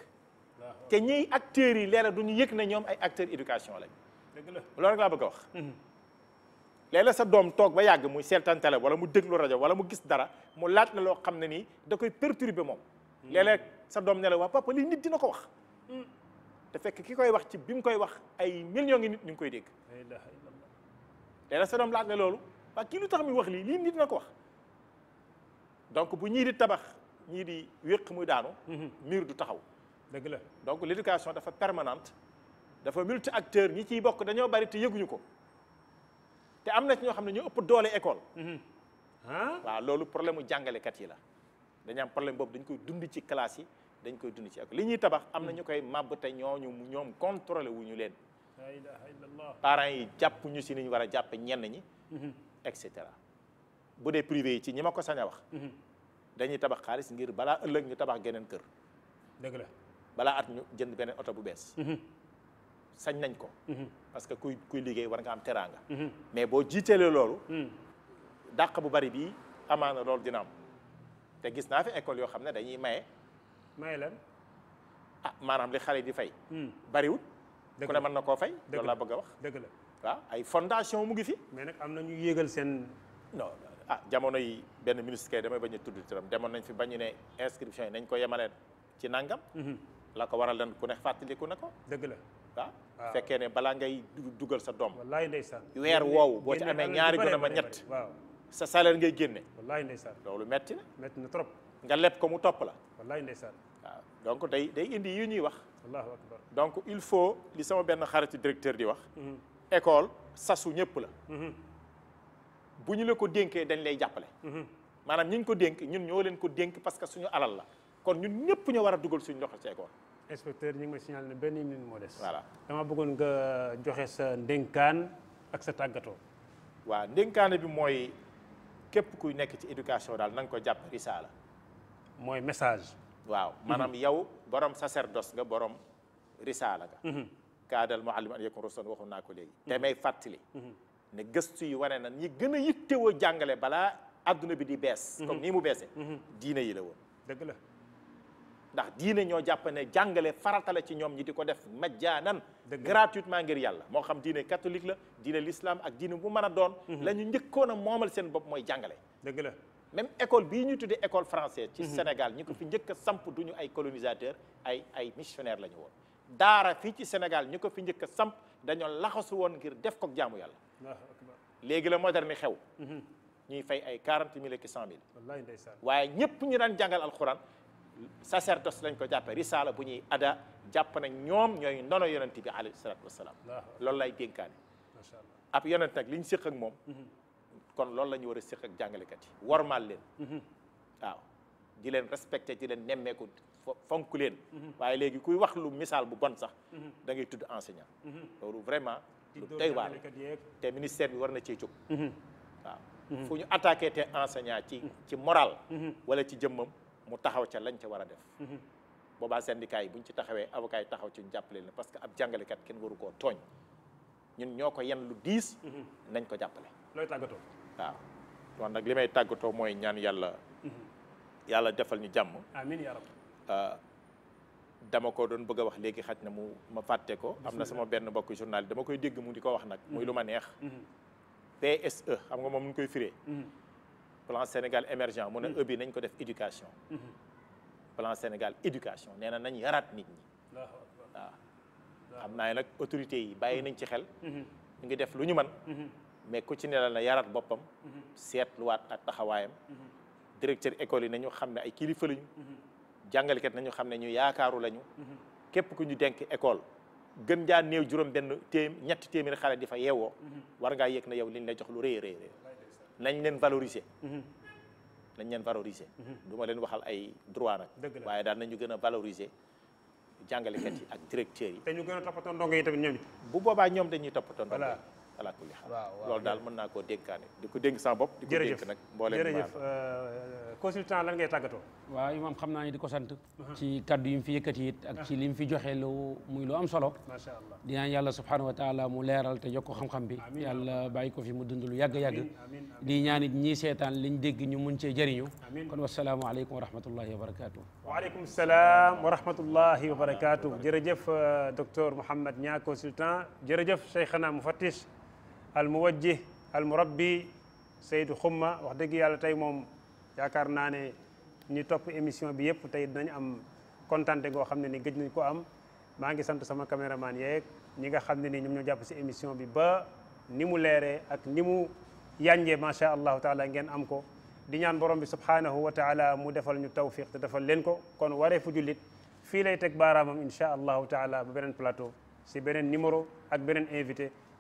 te ñiy acteurs yi leeral du ñu yëg ne ñoom ay acteurs éducation lañ. dëgg la loolu rek laa bëgg a wax. Mhm. léeg-léeg sa doom toog ba yàgg muy seetaan télé wala mu déglu rajo wala mu gis dara mu laaj la loo xam ne nii da koy perturber moom. Mhm. léeg sa doom ne la waa papa lii nit dina ko wax. Mhm. te fekk ki koy wax ci bi mu koy wax ay millions ngi nit ñu ngi koy dégg. léeg-léeg sa doom laaj la loolu waa kii lu tax muy wax lii lii nit dina ko wax. donc bu ñii di tabax ñii di wéq muy daanu. miir du taxaw. dëgg la donc l' éducation dafa permanente. dafa multi acteur ñi ciy bokk dañoo bari te yëguñu ko te am na ci ñoo xam ne ñoo ëpp doole école. Mhm. waaw loolu problème mu kat yi la dañu am problème boobu dañ koy dund ci classe yi dañ koy dund ci école li ñuy tabax am na ñu koy màbb te ñooñu mu ñoom contrôlé wu ñu leen. la ilaha yi jàpp ñu si ni war a jàpp ñenn ñi. Mhm. et cetera bu dee privé yi ci ñi ma ko sañ a wax. Mhm. dañuy tabax xaalis ngir balaa ëllëg ñu tabax geneen kër. dëgg la balaa at ñu jënd beneen oto bu bees. sañ nañ ko. Mhm. parce que kuy kuy liggéey war nga am teraanga. Mhm. mais boo jiitelee loolu. Mhm. dàq bu bari bii amaana loolu dina am te gis naa fi école yoo xam ne dañuy maye. maye lan. ah maanaam li xale di fay. Hmm. bariwut. ku ne mën na koo fay. loolu laa bëgg a wax dëgg la. waaw ay fondation mu ngi fi. mais nag am na ñu yéegal seen. non ah jamono yi benn ministre kay damay bañ a tudd turam demoon nañ fi bañu ne inscription yi nañ ko yemaleen ci nangam. la ko waral leen ku ne fàttaliku na ko. dëgg la. ah fekkee ne balaa ngay dugal sa doom wallaay ndeysaan weer woowu boo ci amee ñaari gone ba ñett sa salaire ngay génne wallaay ndeysaan loolu metti na metti na trop nga leb ko mu topp la wallaay ndeysaan waaw donc day day indi yi ñuy wax allahu donc il faut li sama benn xaritu directeur di wax mhm. école sasu ñëpp la mhm. bu ñu la ko dénkee dañ lay jàppale mhm. maanaam ñi ñu ko dénk ñun ñoo leen ko dénk parce que suñu alal la kon ñun ñëpp ñoo war a dugal suñu loxo ci école inspecteur ñu ngi may signalé ne benn minute moo des. voilà dama bëggoon nga joxe sa ndénkaan ak sa tàggatoo. waaw ndénkaane bi mooy képp kuy nekk ci éducation daal na nga ko jàpp risaala. mooy message. waaw mhm. maanaam yow borom sacerdoce nga borom risaala nga. Mhm. kaadal muallim an yakun rasulan waxoon naa ko léegi. Mhm. te may fàttali. ne gëstu yi wane na ñi gën a yittewoo jàngale balaa adduna bi di bees. comme nii mu beesee. diine yi la woon dëgg la. ndax diine ñoo jàpp ne jàngale faratale ci ñoom ñi di ko def majjaanan gratuitement ngir yàlla moo xam diine catholique la diine l'islam ak diine bu mën a doon mhm. la ñu njëkkoon a moomal seen bopp mooy jàngale dëgg la même école bii ñu tuddee école française ci mhm. Sénégal ñi ko fi njëkk samp duñu ay colonisateur ay ay missionnaire la ñu woon daara fii ci Sénégal ñi ko fi njëkk samp dañoo laxasu woon ngir def ko jaamu yàlla léegi la moderne xew mhm. ñuy fay ay quarante mille ak cent mille waaye ñëpp ñu daan jàngal alxuraan sacerdoce lañ ko jàppe risaala bu ñuy ada jàpp nag ñoom ñooy ndono yonent bi alayhi salaatu wasalaam loolu lay dénkaane ab yonent nag liñ séq ak moom mhm. kon loolu la ñu war a séq ak jàngalekat yi wormaal leen mhm. waaw di leen respecté di leen nemmeeku fonk leen mhm. waaye léegi kuy wax lu misaal bu bon sax da ngay tudd enseignant loolu vraiment lu doy waar te ministère bi war na cee jóg waaw fu ñu attaqué te enseignant ci ci moral wala ci jëmmam mu taxaw ca lañ ca war a def mhm. boobaa syndicat yi buñ ci taxawee abukaay taxaw ci ñu jàppale leen parce que ab jàngalekat kenn waru koo tooñ ñun ñoo ko yen lu diis mhm. nañ ko jàppale looy tàggatoo waaw nag li may tàggatoo mooy ñaan yàlla mhm. yàlla defal ñu jàmm amiin yaa rab ah, dama ko doon bëgg a wax léegi xaj na mu ma fàtte ko am na sama benn mbokk journal dama koy dégg mu di ko wax nag muy lu ma neex PSE xam nga moom ñu koy firee plan Sénégal émergent mu ne ëbbi mm. e nañ ko def éducation mm-hmm. plan Sénégal éducation nee na nañ yaraat nit ñi waaw xam naa nag autorité yi bàyyi nañ ci xel mm-hmm. ñu ngi def lu ñu man mm-hmm. mais ku ci ne la na yaraat boppam seetluwaat ak taxawaayam directeur école yi nañu xam ne ay kilifa lañu jàngalekat nañu xam ne ñu yaakaaru lañu képp ku ñu denk école gën jaa néew juróom benn téem ñett téeméeri xale di fa yeewoo war ngaa yëg na yow liñ lay jox lu rëy rëy rëy nañ leen valoriser. Mhm. nañ leen valoriser. Mhm. du ma leen waxal ay droit nag. dëgg la waaye daal nañu gën a valoriser jàngale yi ak directeurs yi. te gën a toppatoo ndongo yi tamit ñoom bu boobaa ñoom dañuy toppatoo ndongo yi. ala kulli xaal loolu daal mën naa koo dénkaane di ko dénk sa bopp di ko dénk nag mbooleem jërëjëf euh, euh, consultant lan ngay tàggatoo waaw imam xam naa ne di ko sant uh-huh. ci kaddu yi mu fi yëkkati it ak ci uh-huh. li mu fi joxe lu muy lu am solo macha allah dinaan yàlla subhanahu wa taala mu leeral te yokk xam-xam bi yàlla bàyyi ko fi mu dund lu yàgg-yàgg di ñaan it ñii seetaan liñ dégg ñu mun cee jëriñu kon wasalaamu aleykum wa rahmatullahi wa barakatuh waaleykum salaam wa rahmatullahi wa barakatuh jërëjëf euh, docteur Mouhamed Niang consultant jërëjëf Cheikhana Mufattish almuwajjih almurabbi Seydou Xumma wax dëgg yàlla tey moom yaakaar naa ne ñi topp émission bi yëpp tey nañ am kontante goo xam ne ni gëj nañ ko am maa ngi sant sama caméraman yeeg ñi nga xam ne ni ñoom ñu jàpp si émission bi ba ni mu leeree ak ni mu yànjee macha allahu taala ngeen am ko di ñaan borom bi subhanahu wa taala mu defal ñu tawfiq te defal leen ko kon waree fu jullit fii lay teg baaraamam incha allahu taala ba beneen plateau si beneen numéro ak invité